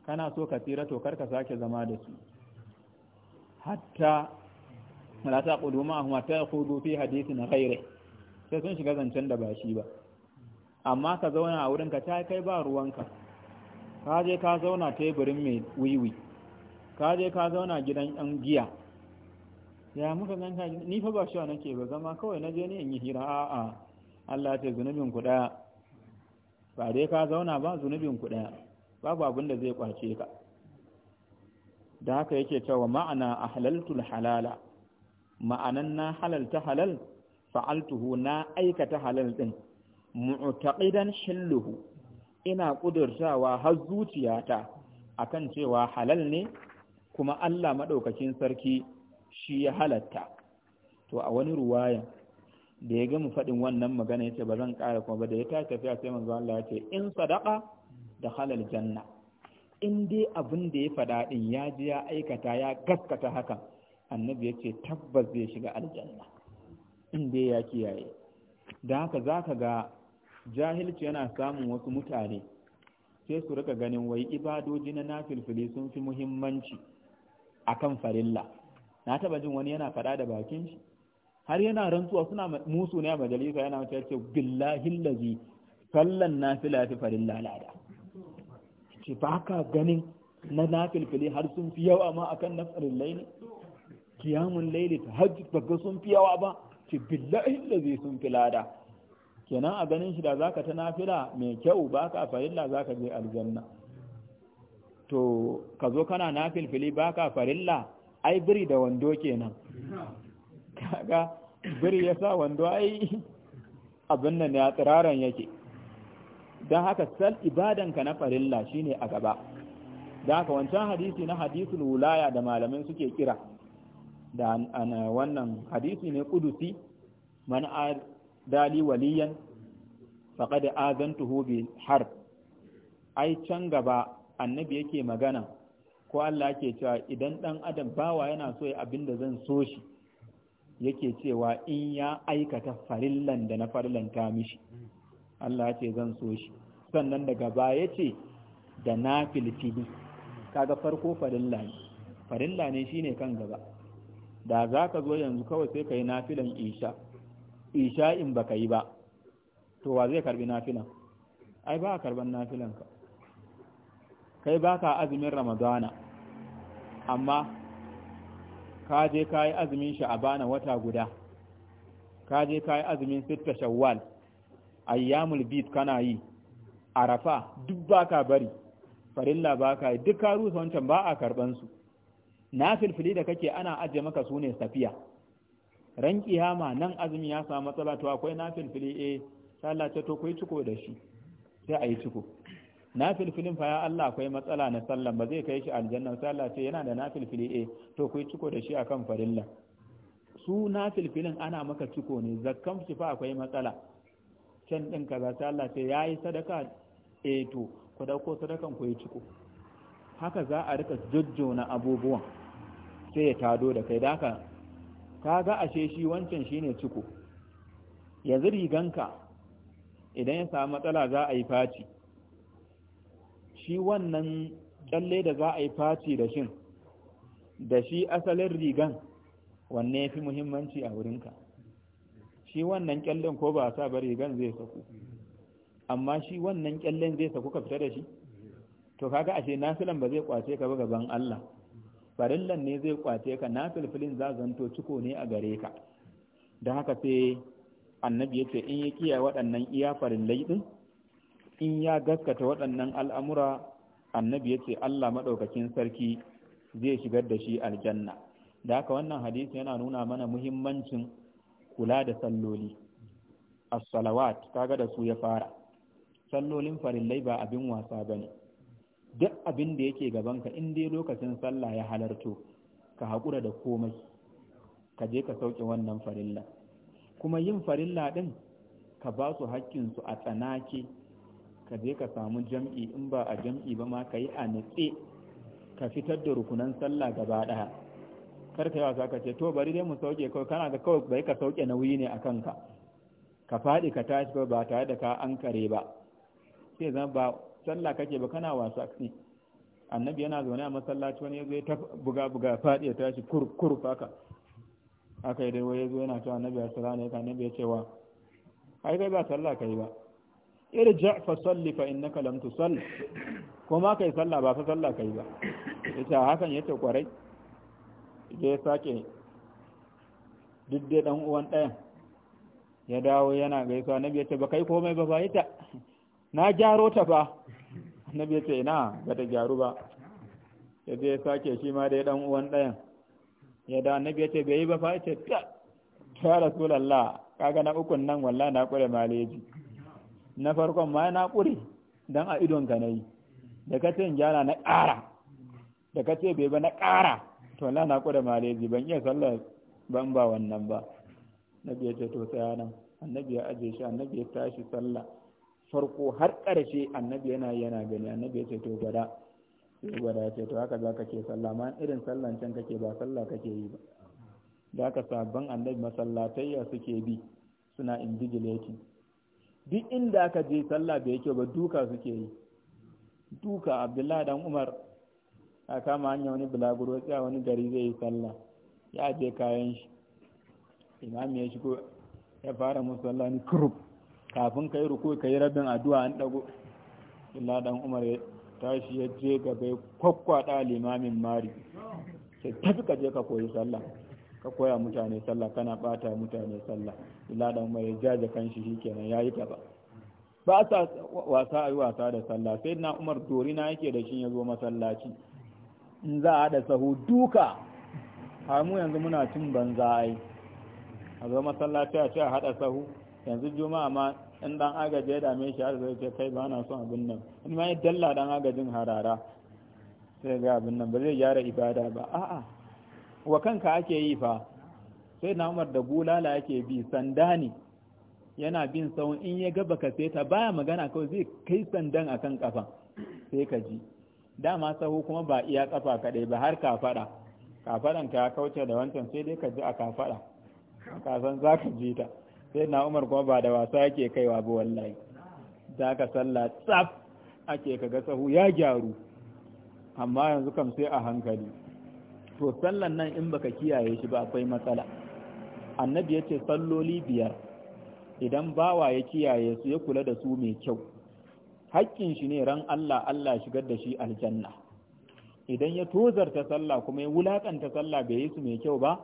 kana so ka tsira to karka sake zama da su hatta fala taqud ma'ahum hatta yakhudu fi hadithin ghairi sai sun shiga zancen da ba shi ba amma ka zauna a wurin ka ta kai ba ruwanka ka je ka zauna teburin mai wiwi ka je ka zauna gidan yan giya ya muka ganka ni fa ba shi nake ba zama kawai na je ne in yi hira a'a Allah ya ce zunubin ku daya ba dai ka zauna ba zunubin ku ɗaya babu abin da zai kwace ka da haka yake cewa ma'ana halaltul halala ma'anan na halalta halal fa'altuhu na aikata halal din mu'taqidan shilluhu ina kudurtawa har zuciyata akan cewa halal ne kuma Allah madaukakin sarki shi ya halatta to a wani ruwayan da ya gama faɗin wannan magana ya ce ba zan ƙara kuma ba da ya ta tafiya sai manzo Allah ya ce in sadaka da halal janna in dai abin da ya faɗa din ya ji ya aikata ya gaskata hakan annabi ya ce tabbas zai shiga aljanna in dai ya kiyaye da haka za ka ga jahilci yana samun wasu mutane sai su rika ganin wai ibadoji na nafilfili sun fi muhimmanci akan farilla na taba jin wani yana faɗa da bakin shi har yana rantsuwa suna musu ne a majalisa yana mace ce billahi lazi sallan nafila fi farin lalada ce ba ka ganin na nafilfili har sun fi yawa ma akan nafarin laili kiyamun laili ta hajji daga sun fi yawa ba ce billahi lazi sun fi lada kenan a ganin shi da zaka ta nafila mai kyau ba ka farilla zaka je aljanna to ka zo kana nafilfili ba ka farilla ai biri da wando kenan kaga biri ya sa wando ai abin nan ya tsiraran yake don haka sal ibadanka na farilla shine a gaba da haka wancan hadisi na hadisul wulaya da malamin suke kira da wannan hadisi ne kudusi man dali waliyan faqad azantuhu bi har. ai can gaba annabi yake magana ko Allah yake cewa idan dan adam bawa yana so ya abinda zan so shi yake cewa in ya aikata farillan da na farillanta mishi Allah ce zan so shi sannan daga baya ce da na filfili kaga farko farilla ne farilla ne shine kan gaba da za ka zo yanzu kawai sai ka yi nafilan isha isha in baka yi ba to wa zai karbi nafilan ai ba karban nafilan ka kai baka azumin ramadana amma ka je ka yi azumin sha'abana wata guda ka je ka yi azumin sitta shawwal ayyamul bid kana yi arafa duk baka bari farilla baka yi duk ka rusa wancan ba a karban su na filfili da kake ana ajiye maka sune ne safiya ran kiyama nan azumi ya samu matsala to akwai na filfili eh ta Allah ta to kai ciko da shi sai ayi yi ciko na filfilin fa ya Allah akwai matsala na sallan ba zai kai shi aljanna sai Allah ce yana da na filfili eh to kai ciko da shi akan farilla su na filfilin ana maka ciko ne zakkan shi fa akwai matsala can din kaza sai Allah ce yayi sadaka eh to ku dauko sadakan ku yi ciko haka za a rika jojjona abubuwan sai ya tado da kai daka ka ga ashe shi wancan shine ciko yanzu riganka idan ya samu matsala za a yi faci shi wannan kyalle da za a yi faci da shin da shi asalin rigan wanne ya fi muhimmanci a wurinka shi wannan kyallen ko ba a sa ba rigan zai saku amma shi wannan kyallen zai saku ka fita da shi to kaga ashe nasilan ba zai kwace ka ba gaban Allah farillan ne zai kwace ka filin za zanto ciko ne a gare ka da haka sai annabi ya ce in ya kiyaye waɗannan iya farillai ɗin in ya gaskata waɗannan al'amura annabi ya ce Allah maɗaukakin sarki zai shigar da shi aljanna da haka wannan hadisi yana nuna mana muhimmancin kula da salloli as-salawat kaga da su ya fara sallolin farillai ba abin wasa ba ne. duk abin da yake gabanka in dai lokacin sallah ya halarto ka haƙura da komai ka je ka sauke wannan farilla kuma yin farilla ɗin ka ba su haƙƙinsu a tsanake ka je ka samu jam'i in ba a jam'i ba ma ka yi a nitse ka fitar da rukunan sallah gaba ɗaya kar ka yi wasa ka ce to bari dai mu sauke kawai kana ga kawai bai ka sauke nauyi ne a kanka ka faɗi ka tashi ba ba tare da ka an kare ba sai zama ba sallah kake ba kana wasa ne annabi yana zaune a masallaci wani ya ya ta buga buga faɗi ya tashi kur kur Aka haka dai wai yazo yana cewa annabi ne k'a wasallam ya ce wa ai kai ba sallah kai ba irja fa salli fa innaka lam tusalli ma kai sallah ba fa sallah kai ba yace hakan yace kwarai da ya sake duk dan uwan ɗayan ya dawo yana gaisuwa nabi yace ba kai komai ba ba ita na gyaro ta fa nabi yace ina ba ta gyaru ba ya je ya sake shi ma dai dan uwan ɗayan ya da nabi yace bai yi ba fa yace ta rasulullah kaga na ukun nan wallahi na kure maleji na farkon ma na ƙure don a idonka na yi da ka ce in gyara na ƙara da ka ce bai ba na ƙara to la na ƙure malezi ban iya sallar ban ba wannan ba na ya ce to tsaya nan annabi ya aje shi annabi ya tashi sallah farko har ƙarshe annabi yana yana gani annabi ya ce to gwada sai gwada ya ce to haka za ka ke sallah ma irin sallan can kake ba sallah kake yi ba da haka sabon annabi masallatai ya suke bi suna invigilating duk inda aka je sallah bai yake ba duka suke yi duka abdullahi dan umar a kama hanya wani bulaguro tsaya wani gari zai yi sallah ya je kayan shi imam ya shigo ya fara musalla ni kurub kafin kai ruku kai rabin addu'a an dago abdullahi dan umar ya tashi ya je gaba ya kwakwada limamin mari sai tafi ka je ka koyi sallah ka koya mutane sallah kana bata mutane sallah illa dan mai jaje kanshi shikenan yayi ta ba sa wasa ayi wasa da sallah sai na Umar dorina yake da shi ya masallaci in za a da sahu duka har mu yanzu muna cin banza ai a zo masallaci a ce a hada sahu yanzu juma'a ma in dan agaji ya dame shi har zai ce kai ba na son abin nan in ma ya dalla dan agajin harara sai ga abin nan ba zai gyara ibada ba a'a wa kanka ake yi fa sai na umar da bulala yake bi sanda ne yana bin sawun in ya gaba ka sai ta baya magana kawai zai kai sandan akan kafa sai ka ji dama sahu kuma ba iya kafa kadai ba har kafada kafaɗan ka ya kauce da wancan sai dai ka ji a kafaɗa ka san za ka ji ta sai na umar kuma ba da wasa yake kaiwa ba wallahi za ka sallah tsaf ake kaga sahu ya gyaru amma yanzu kam sai a hankali to sallan nan in baka kiyaye shi ba akwai matsala annabi ya ce salloli biyar idan bawa ya kiyaye su ya kula da su mai kyau hakkin shi ne ran Allah Allah shigar da shi aljanna idan ya tozarta sallah kuma ya wulakanta sallah bai yi su mai kyau ba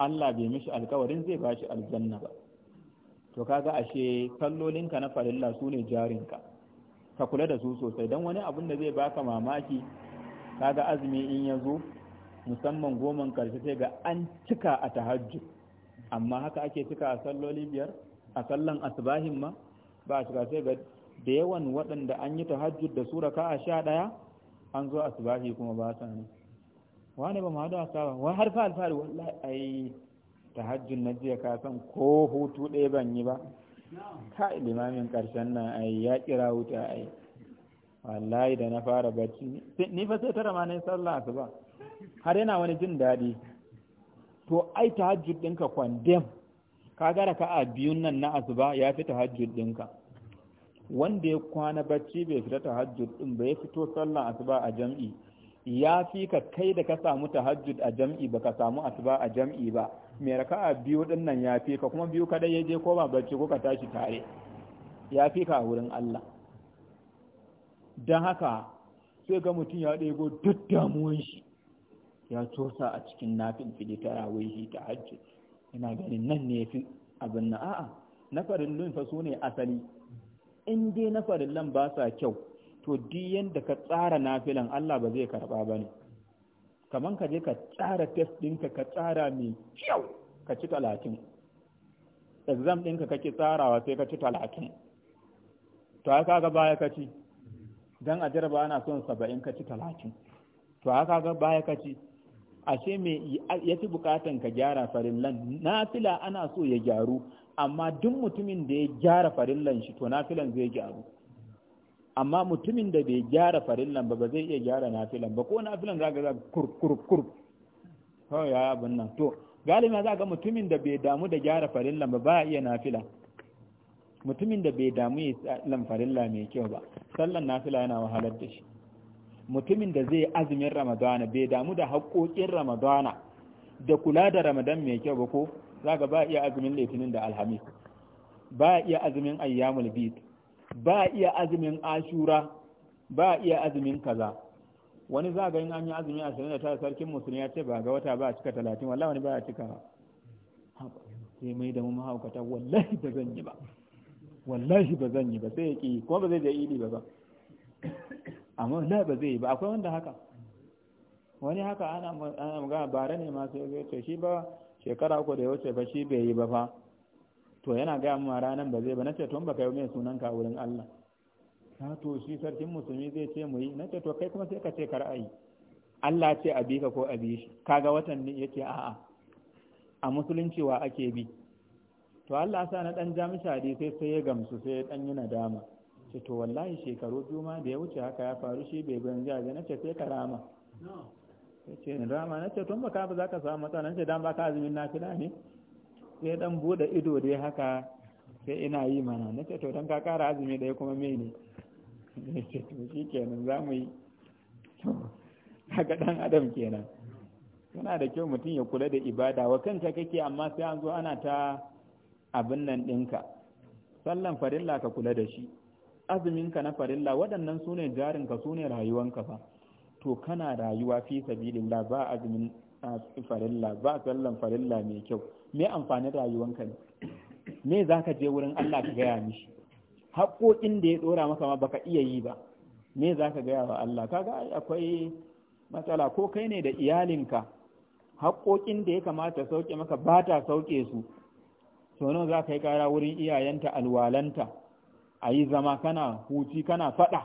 Allah bai mishi alkawarin zai ba shi aljanna ba to kaga ashe sallolinka na farilla su ne jarinka ka kula da su sosai don wani abin da zai baka mamaki kaga azumi in ya zo musamman goman karshe sai ga an cika a tahajju amma haka ake cika a salloli biyar a sallan asbahin ma ba a cika sai ga da yawan waɗanda an yi tahajju da sura ka a sha ɗaya an zo asbahi kuma ba sa ne wani ba ma da saba ba har fa alfari wallahi ai tahajjun na jiya ka san ko hutu ɗaya ban yi ba ka limamin ƙarshen nan ai ya kira wuta ai wallahi da na fara bacci ni fa sai tara ma ne sallah asuba har yana wani jin daɗi to ai tahajjud ɗinka kwandem ka gara ka a biyun nan na asuba ya fi tahajjud ɗinka wanda ya kwana bacci bai fita tahajjud ɗin ba ya fito sallan asuba a jam'i ya fi ka kai da ka samu tahajjud a jam'i ba ka samu asuba a jam'i ba mai raka'a biyu ɗin nan ya fi ka kuma biyu kadai ya je ko ba bacci ko ka tashi tare ya fi ka a wurin Allah don haka sai ga mutum ya ɗego duk damuwan shi ya tosa a cikin nafin fili ta shi ta hajji ina ganin nan ne fi abin na a'a na farillun fa su ne asali in dai na farillan ba sa kyau to di yanda ka tsara nafilan Allah ba zai karba ba ne kaman ka je ka tsara test ɗinka ka tsara mai kyau ka ci talatin exam ɗinka kake tsarawa sai ka ci talatin to haka ga baya ka ci Dan a jaraba ana son saba'in ka ci talatin to haka ga baya ka ci ashe me fi bukatan ka gyara farillan nafila ana so ya gyaru amma duk mutumin da ya gyara farillan shi to nafilan zai gyaru amma mutumin da bai gyara farillan ba ba zai iya gyara nafilan ba ko nafilan za ga kur kur kur to ya abin nan to galibi za ga mutumin da bai damu da gyara farillan ba ba iya nafila mutumin da bai damu ya sallan farilla mai kyau ba sallan nafila yana wahalar da shi mutumin da zai azumin ramadana bai damu da haƙoƙin ramadana da kula da ramadan mai kyau ba ko za ga ba iya azumin litinin da alhamis ba iya azumin ayyamul bid ba iya azumin ashura ba iya azumin kaza wani ga yin an yi azumi a sanar da sarkin musulmi ya ce ba ga wata ba a cika talatin wallahi wani ba a cika sai mai da mu haukata wallahi ba zan yi ba wallahi ba zan yi ba sai ya ƙi kuma ba zai je idi ba ba amma la ba zai yi ba akwai wanda haka wani haka ana ga bare ne masu yanzu to shi ba shekara uku da ya wuce ba shi bai yi ba fa to yana gaya ma ranar ba zai ba na ce to ba kai mai sunan ka wurin Allah ta to shi sarkin musulmi zai ce mu yi na ce to kai kuma sai ka ce kar ayi Allah ce a bi ka ko a bi shi kaga watan ne yace a'a a musulunci wa ake bi to Allah sa na dan jami'a sai sai ya gamsu sai ya dan yi nadama ce to wallahi shekaru biyu ma da ya wuce haka ya faru shi bai ban jaje na ce sai ka rama ya ce rama na ce tun ka ba za ka samu matsala na ce dan ka azumin nafila ne sai dan bude ido dai haka sai ina yi mana na ce to dan ka kara azumi da ya kuma me ne ya ce to shi kenan za mu yi haka dan adam kenan yana da kyau mutum ya kula da ibada wa kanta kake amma sai an zo ana ta abin nan ɗinka sallan farilla ka kula da shi azuminka na farilla waɗannan su ne jarinka su ne rayuwanka fa to kana rayuwa fi sabilillah ba azumin farilla ba sallan farilla mai kyau me amfanin rayuwanka ne me za ka je wurin Allah ka gaya mishi haƙoƙin da ya ɗora maka ma baka iya yi ba me za ka gaya wa Allah kaga akwai matsala ko kai ne da iyalinka haƙoƙin da ya kamata sauke maka ba ta sauke su to nan za ka yi ƙara wurin iyayenta alwalanta a yi zama kana huci kana faɗa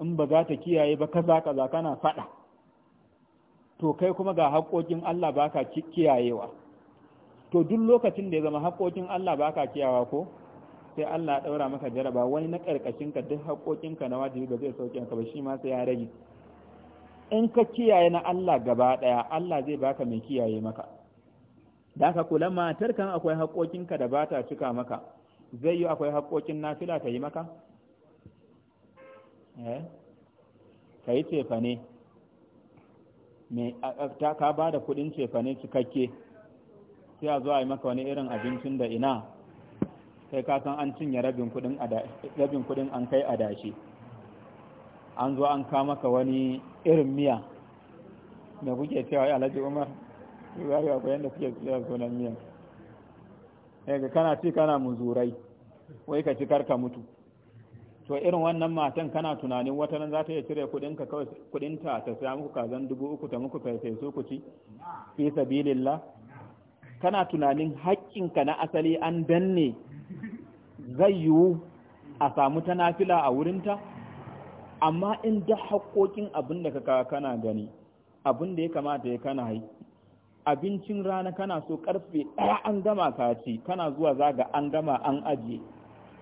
in ba za ta kiyaye ba kaza kaza kana faɗa to kai kuma ga haƙoƙin Allah ba ka kiyayewa to duk lokacin da ya zama haƙoƙin Allah ba ka kiyawa ko sai Allah ya ɗaura maka jaraba wani na ƙarƙashinka duk haƙoƙinka na wajibi ba zai sauke ka ba shi ma sai ya rage in ka kiyaye na Allah gaba ɗaya Allah zai baka mai kiyaye maka da ka kula matar kan akwai haƙoƙinka da ba ta cika maka zai yi akwai haƙoƙin nafila ta yi maka? Eh? ka yi cefane ka ba da kudin cefane cikakke sai a zuwa yi maka wani irin abincin da ina sai ka san an cinye rabin kudin an kai adashi an zo an kama ka wani irin miya da kuke cewa ya alhaji umar ya yi akwai yadda kuke cewa sunan miya daga kana ci kana muzurai wai ka ci karka mutu to irin wannan matan kana tunanin wata nan za ta iya cire kudinka kawai kudinta ta saya muku kazan dubu uku ta muku faifai su ku ci fi sabilillah kana tunanin haƙƙinka na asali an danne zai yiwu a samu ta nafila a wurinta amma in da haƙƙoƙin abin da ka kana gani abin da ya kamata ya kana abincin rana kana so karfe ɗaya an gama ka ci kana zuwa zaga an gama an ajiye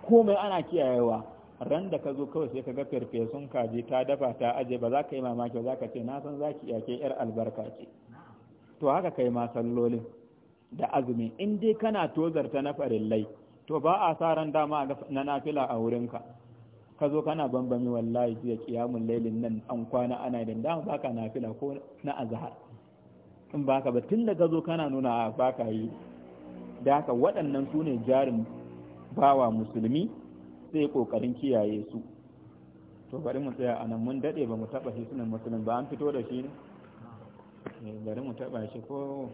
komai ana kiyayewa ran da ka zo kawai sai ka ga farfesun kaji ta dafa ta aje ba za ka yi mamaki ba za ka ce na san za ki yake yar albarka ce to haka kai ma sallolin da azumi in dai kana tozarta na farillai to ba a sa ran dama na nafila a wurin ka ka zo kana bambami wallahi jiya kiyamun lailin nan an kwana ana idan dama baka nafila ko na azhar in ba ka ba tun da ka zo kana nuna ba ka yi da haka waɗannan su ne jarin bawa musulmi sai ƙoƙarin kiyaye su to bari mu tsaya nan mun daɗe ba mu taɓa shi sunan musulun ba an fito da shi ne eh, bari mu taɓa shi ko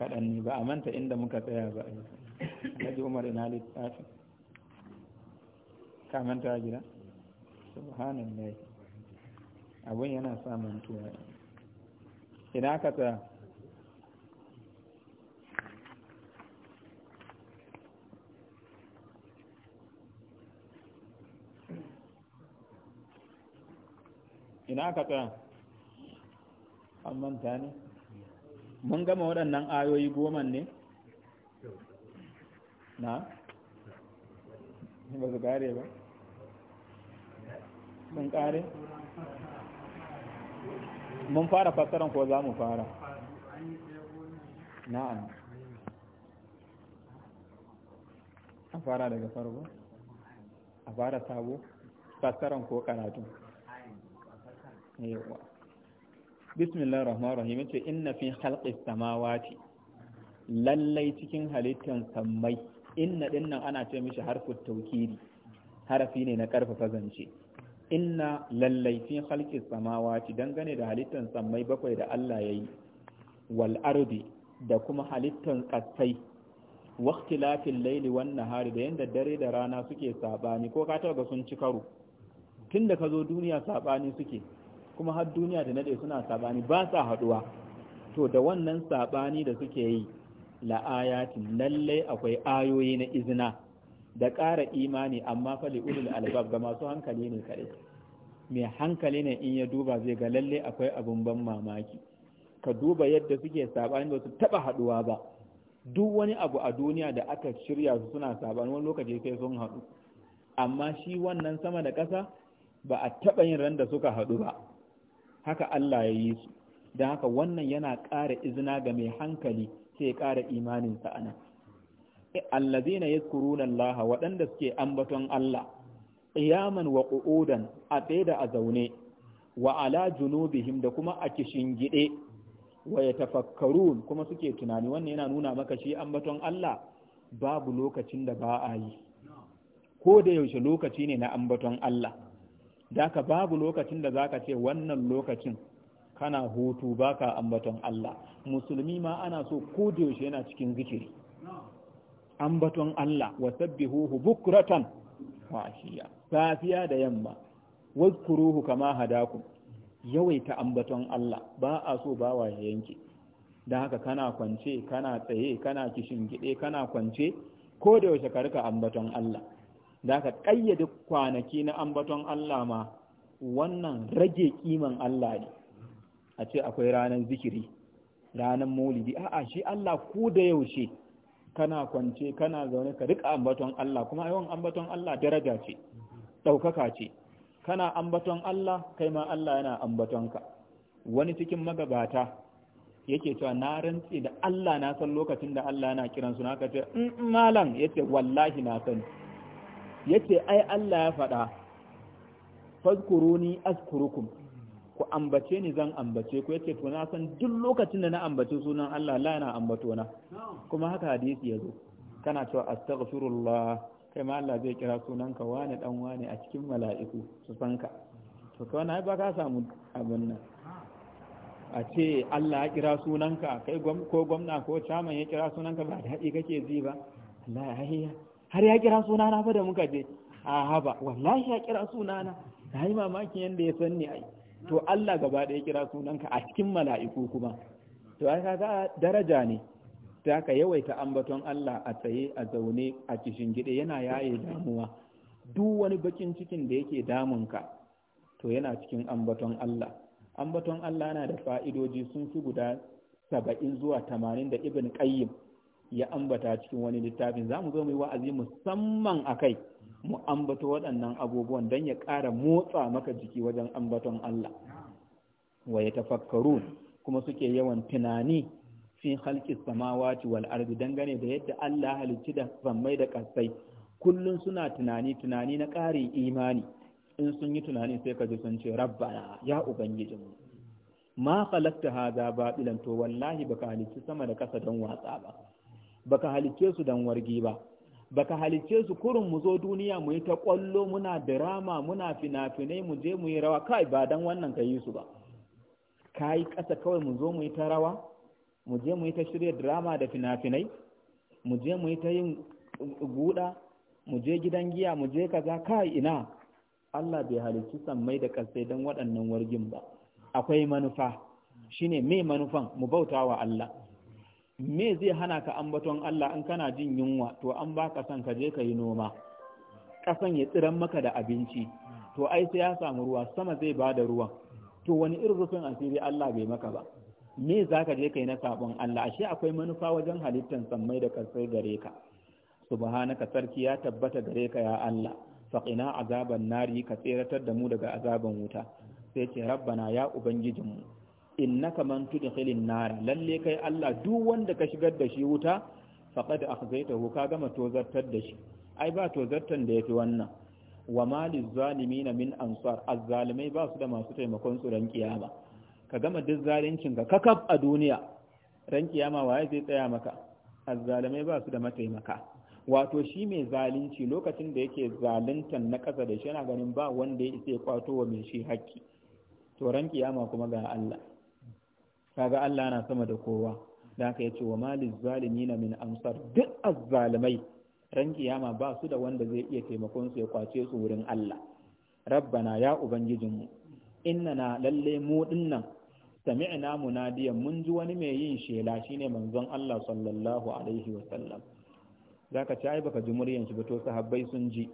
kaɗan ne ba a manta inda muka tsaya ba a yi umar ina littafi ka manta gida subhanallah abun yana sa mantuwa ina ka tsaya ina ka tsaya an manta ne mun gama waɗannan ayoyi goman ne na ba su kare ba sun kare mun fara fassaran ko za mu fara na'am a fara daga farko a fara sabo fassaran ko karatu yawa bismillahir rahmanir rahim yace inna fi khalqis samawati lallai cikin halittan sammai inna dinnan ana ce mishi harfin taukidi harafi ne na karfafa zance inna lallaifin halki samawati dangane da halittar sammai bakwai da Allah ya yi wal ardi da kuma halittan kasai waqtilafil laili wannan hari da yanda dare da rana suke sabani ko ka taba sun ci karo Tun da ka zo duniya sabani suke kuma har duniya da nade suna sabani ba sa haduwa to da wannan saɓani da suke yi la ayatin lalle akwai ayoyi na izina da ƙara imani amma fa ulul albab ga masu hankali ne kare mai hankali ne in ya duba zai ga lalle akwai abun ban mamaki ka duba yadda suke sabani ba su taba haduwa ba duk wani abu a duniya da aka shirya su suna sabani wani lokaci sai sun haɗu amma shi wannan sama da ƙasa ba a taba yin randa suka haɗu ba haka Allah ya yi su don haka wannan yana ƙara izina ga mai hankali sai ya ƙara imaninsa a nan allazina yadhkuruna Allah waɗanda suke ambaton Allah qiyaman wa qu'udan a tsaye da a zaune wa ala junubihim da kuma a gide wa yatafakkarun kuma suke tunani wannan yana nuna maka shi ambaton Allah babu lokacin da ba a yi ko da yaushe lokaci ne na ambaton Allah daka babu lokacin da zaka ce wannan lokacin kana hutu baka ambaton Allah musulmi ma ana so ko da yaushe yana cikin zikiri ambaton Allah wa sabbihuhu bukratan wa ashiya safiya da yamma wazkuruhu kama hadakum yawaita ambaton Allah ba a so ba wa yanke da haka kana kwance kana tsaye kana kishin gide kana kwance ko da yaushe ka rika ambaton Allah da haka kayyade kwanaki na ambaton Allah ma wannan rage kiman Allah ne a ce akwai ranar zikiri ranar maulidi a'a shi Allah ko da yaushe kana kwance kana zaune ka rika ambaton Allah kuma yawan ambaton Allah daraja ce ɗaukaka ce kana ambaton Allah kai ma Allah yana ambatonka wani cikin magabata yake cewa na rantse da Allah na san lokacin da Allah yana kiran su naka ce in mm, malam yace wallahi na san yace ai Allah ya faɗa fazkuruni azkurukum ku ambace ni zan ambace ku yace to na san duk lokacin da na ambace sunan Allah la na ambato na kuma haka hadisi yazo kana cewa astaghfirullah kai ma Allah zai kira sunanka wani dan wani a cikin mala'iku su san ka to kai wani ba ka samu abin nan a ce Allah ya kira sunanka kai ko gwamna ko chairman ya kira sunanka ba da kake ji ba Allah ya har ya kira sunana fa da muka je a haba wallahi ya kira sunana na yi mamakin yadda ya san ni ai to Allah gaba ɗaya kira sunanka a cikin mala'iku kuma to ai ka daraja ne ta ka yawaita ambaton Allah a tsaye a zaune a kishin gida? yana yaye damuwa duk wani bakin cikin da yake damunka to yana cikin ambaton Allah ambaton Allah yana da fa'idoji sun fi guda saba'in zuwa tamanin da ibin qayyim ya ambata cikin wani littafin za mu zo mu yi wa'azi musamman a kai mu ambata waɗannan abubuwan don ya ƙara motsa maka jiki wajen ambaton Allah wa ya tafakkaru kuma suke yawan tunani fi halki samawati wal ardi dangane da yadda Allah halicci da zammai da ƙasai kullum suna tunani tunani na ƙari imani in sun yi tunani sai ka ji sun ce rabbana ya mu ma khalaqta hadha batilan to wallahi baka halicci sama da ƙasa don watsa ba baka halicce su don wargi ba baka halicce su kurin mu zo duniya mu yi ta kwallo muna drama muna fina-finai mu je mu yi rawa kai ba dan wannan ka yi su ba ka yi ƙasa kawai mu zo mu yi ta rawa mu je mu yi ta shirya drama da fina-finai mu je mu yi ta yin guda mu je gidan giya mu je kaza kai ina Allah bai halicci sammai da ƙasai dan waɗannan wargin ba akwai manufa shine me manufan mu bauta wa Allah me zai hana ka ambaton Allah in kana jin yunwa to an baka son ka je ka yi noma ƙasan ya tsiran maka da abinci to ai sai ya samu ruwa sama zai ba da ruwan to wani irin rufin asiri Allah bai maka ba me za ka je kai na sabon Allah ashe akwai manufa wajen halittan sammai da karsai gare ka subhanaka sarki ya tabbata gare ka ya Allah faqina azaban nari ka tseratar da mu daga azaban wuta sai ce rabbana ya ubangijinmu ka man dakhilin nar lalle kai Allah duk wanda ka shigar da shi wuta faqad hu, ka gama tozartar da shi ai ba tozartan da yafi wannan wa maliz zalimin min ansar azzalimai ba su da masu taimakon su ran kiyama ka gama duk zalincin ka kakab a duniya ran kiyama waye zai tsaya maka azzalimai ba su da mataimaka wato shi mai zalunci lokacin da yake zaluntan na ƙasa da shi yana ganin ba wanda ya isa ya kwato wa mai shi hakki to ran kiyama kuma ga Allah kaga Allah na sama da kowa da aka yace wa maliz zalimina min amsar duk azzalimai ran kiyama ba su da wanda zai iya taimakon su ya kwace su wurin Allah rabbana ya ubangijinmu innana lalle mu dinnan sami'na munadiyan mun ji wani mai yin shela shine manzon Allah sallallahu alaihi wa sallam zaka ci ai baka ji muryan shi ba to sahabbai sun ji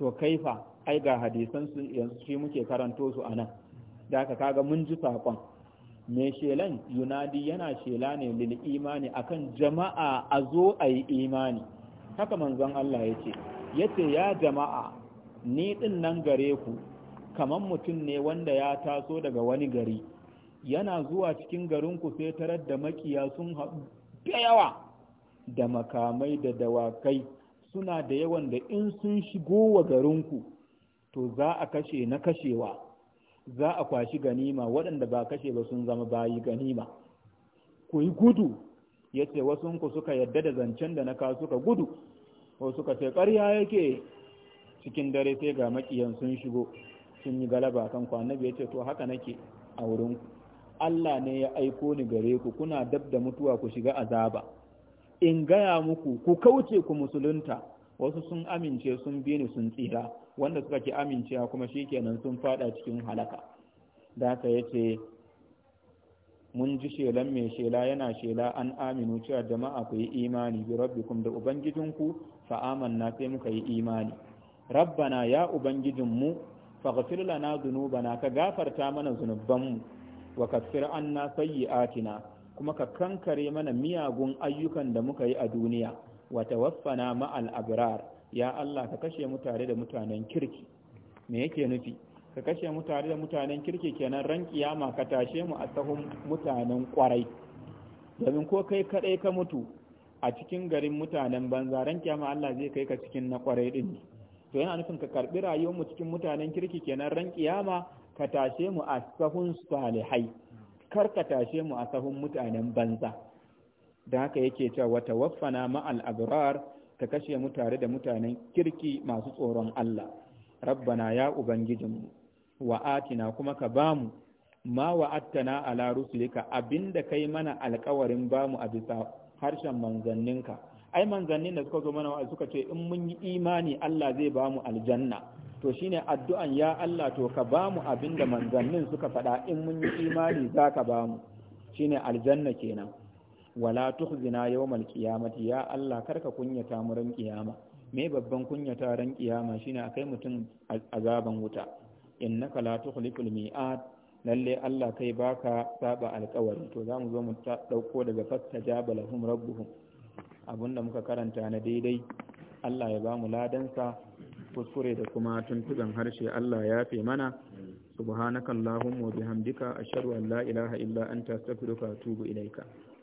to kaifa ai ga hadisan su yanzu shi muke karanto su anan da ka kaga mun ji saƙon. mai shelan yunadi yana shela ne lil imani akan jama'a a zo a yi imani haka manzon Allah ya ce ya jama'a ni ɗin nan gare ku kamar mutum ne wanda ya taso daga wani gari yana zuwa cikin garinku sai tarar da makiya sun haɗu da yawa da makamai da dawakai suna da yawan da in sun shigo wa garin ku. to za a kashe na kashewa za a kwashi ganima waɗanda ba kashe ba sun zama bayi ganima ku yi gudu ya ce wasunku suka yadda da zancen da na ka suka gudu ko suka ce ƙarya yake cikin dare sai ga makiyan sun shigo sun yi galaba kan kwanabi ya ce to haka nake a wurin Allah ne ya aiko ni gare ku kuna dab da mutuwa ku shiga azaba in gaya muku ku kauce ku musulunta wasu sun amince sun bi ni sun tsira wanda suka ki amincewa kuma shi kenan sun fada cikin halaka da haka yace mun ji shelan mai shela yana shela an aminu cewa jama'a ku yi imani bi rabbikum da ubangijinku fa amanna sai muka yi imani rabbana ya ubangijinmu faghfir lana dhunubana ka gafarta mana zunubanmu wa kaffir anna sayyi'atina kuma ka kankare mana miyagun ayyukan da muka yi a duniya wa tawaffana ma'al abrar ya Allah ka kashe mu tare da mutanen kirki me yake nufi ka kashe mu tare da mutanen kirki kenan ran kiyama ka tashe mu a sahun mutanen kwarai domin ko kai kadai ka mutu a cikin garin mutanen banza ran kiyama Allah zai kai ka cikin na kwarai din to yana nufin ka karbi rayuwar mu cikin mutanen kirki kenan ran kiyama ka tashe mu a sahun salihai kar ka tashe mu a sahun mutanen banza da haka yake cewa tawaffana ma abrar ka kashe mu tare da mutanen kirki masu tsoron Allah rabbana ya ubangijinmu wa atina kuma ka bamu ma wa'attana ala rusulika abinda kai mana alkawarin bamu a bisa harshen manzanninka ai manzannin da suka zo mana suka ce in mun yi imani Allah zai bamu aljanna to shine addu'an ya Allah to ka bamu abinda manzannin suka faɗa in mun yi imani za zaka bamu shine aljanna kenan wala tukhzina yawmal qiyamati ya Allah karka kunyata mu ran kiyama me babban kunyata ran kiyama shine akai mutum azaban wuta innaka la tukhliful mi'ad lalle Allah kai baka saba alƙawari to zamu zo mu dauko daga fastajaba lahum rabbuhum da muka karanta na daidai Allah ya bamu ladansa kuskure da kuma tuntuban harshe Allah ya fe mana subhanakallahumma wa bihamdika ashhadu an la ilaha illa anta astaghfiruka wa atubu ilaika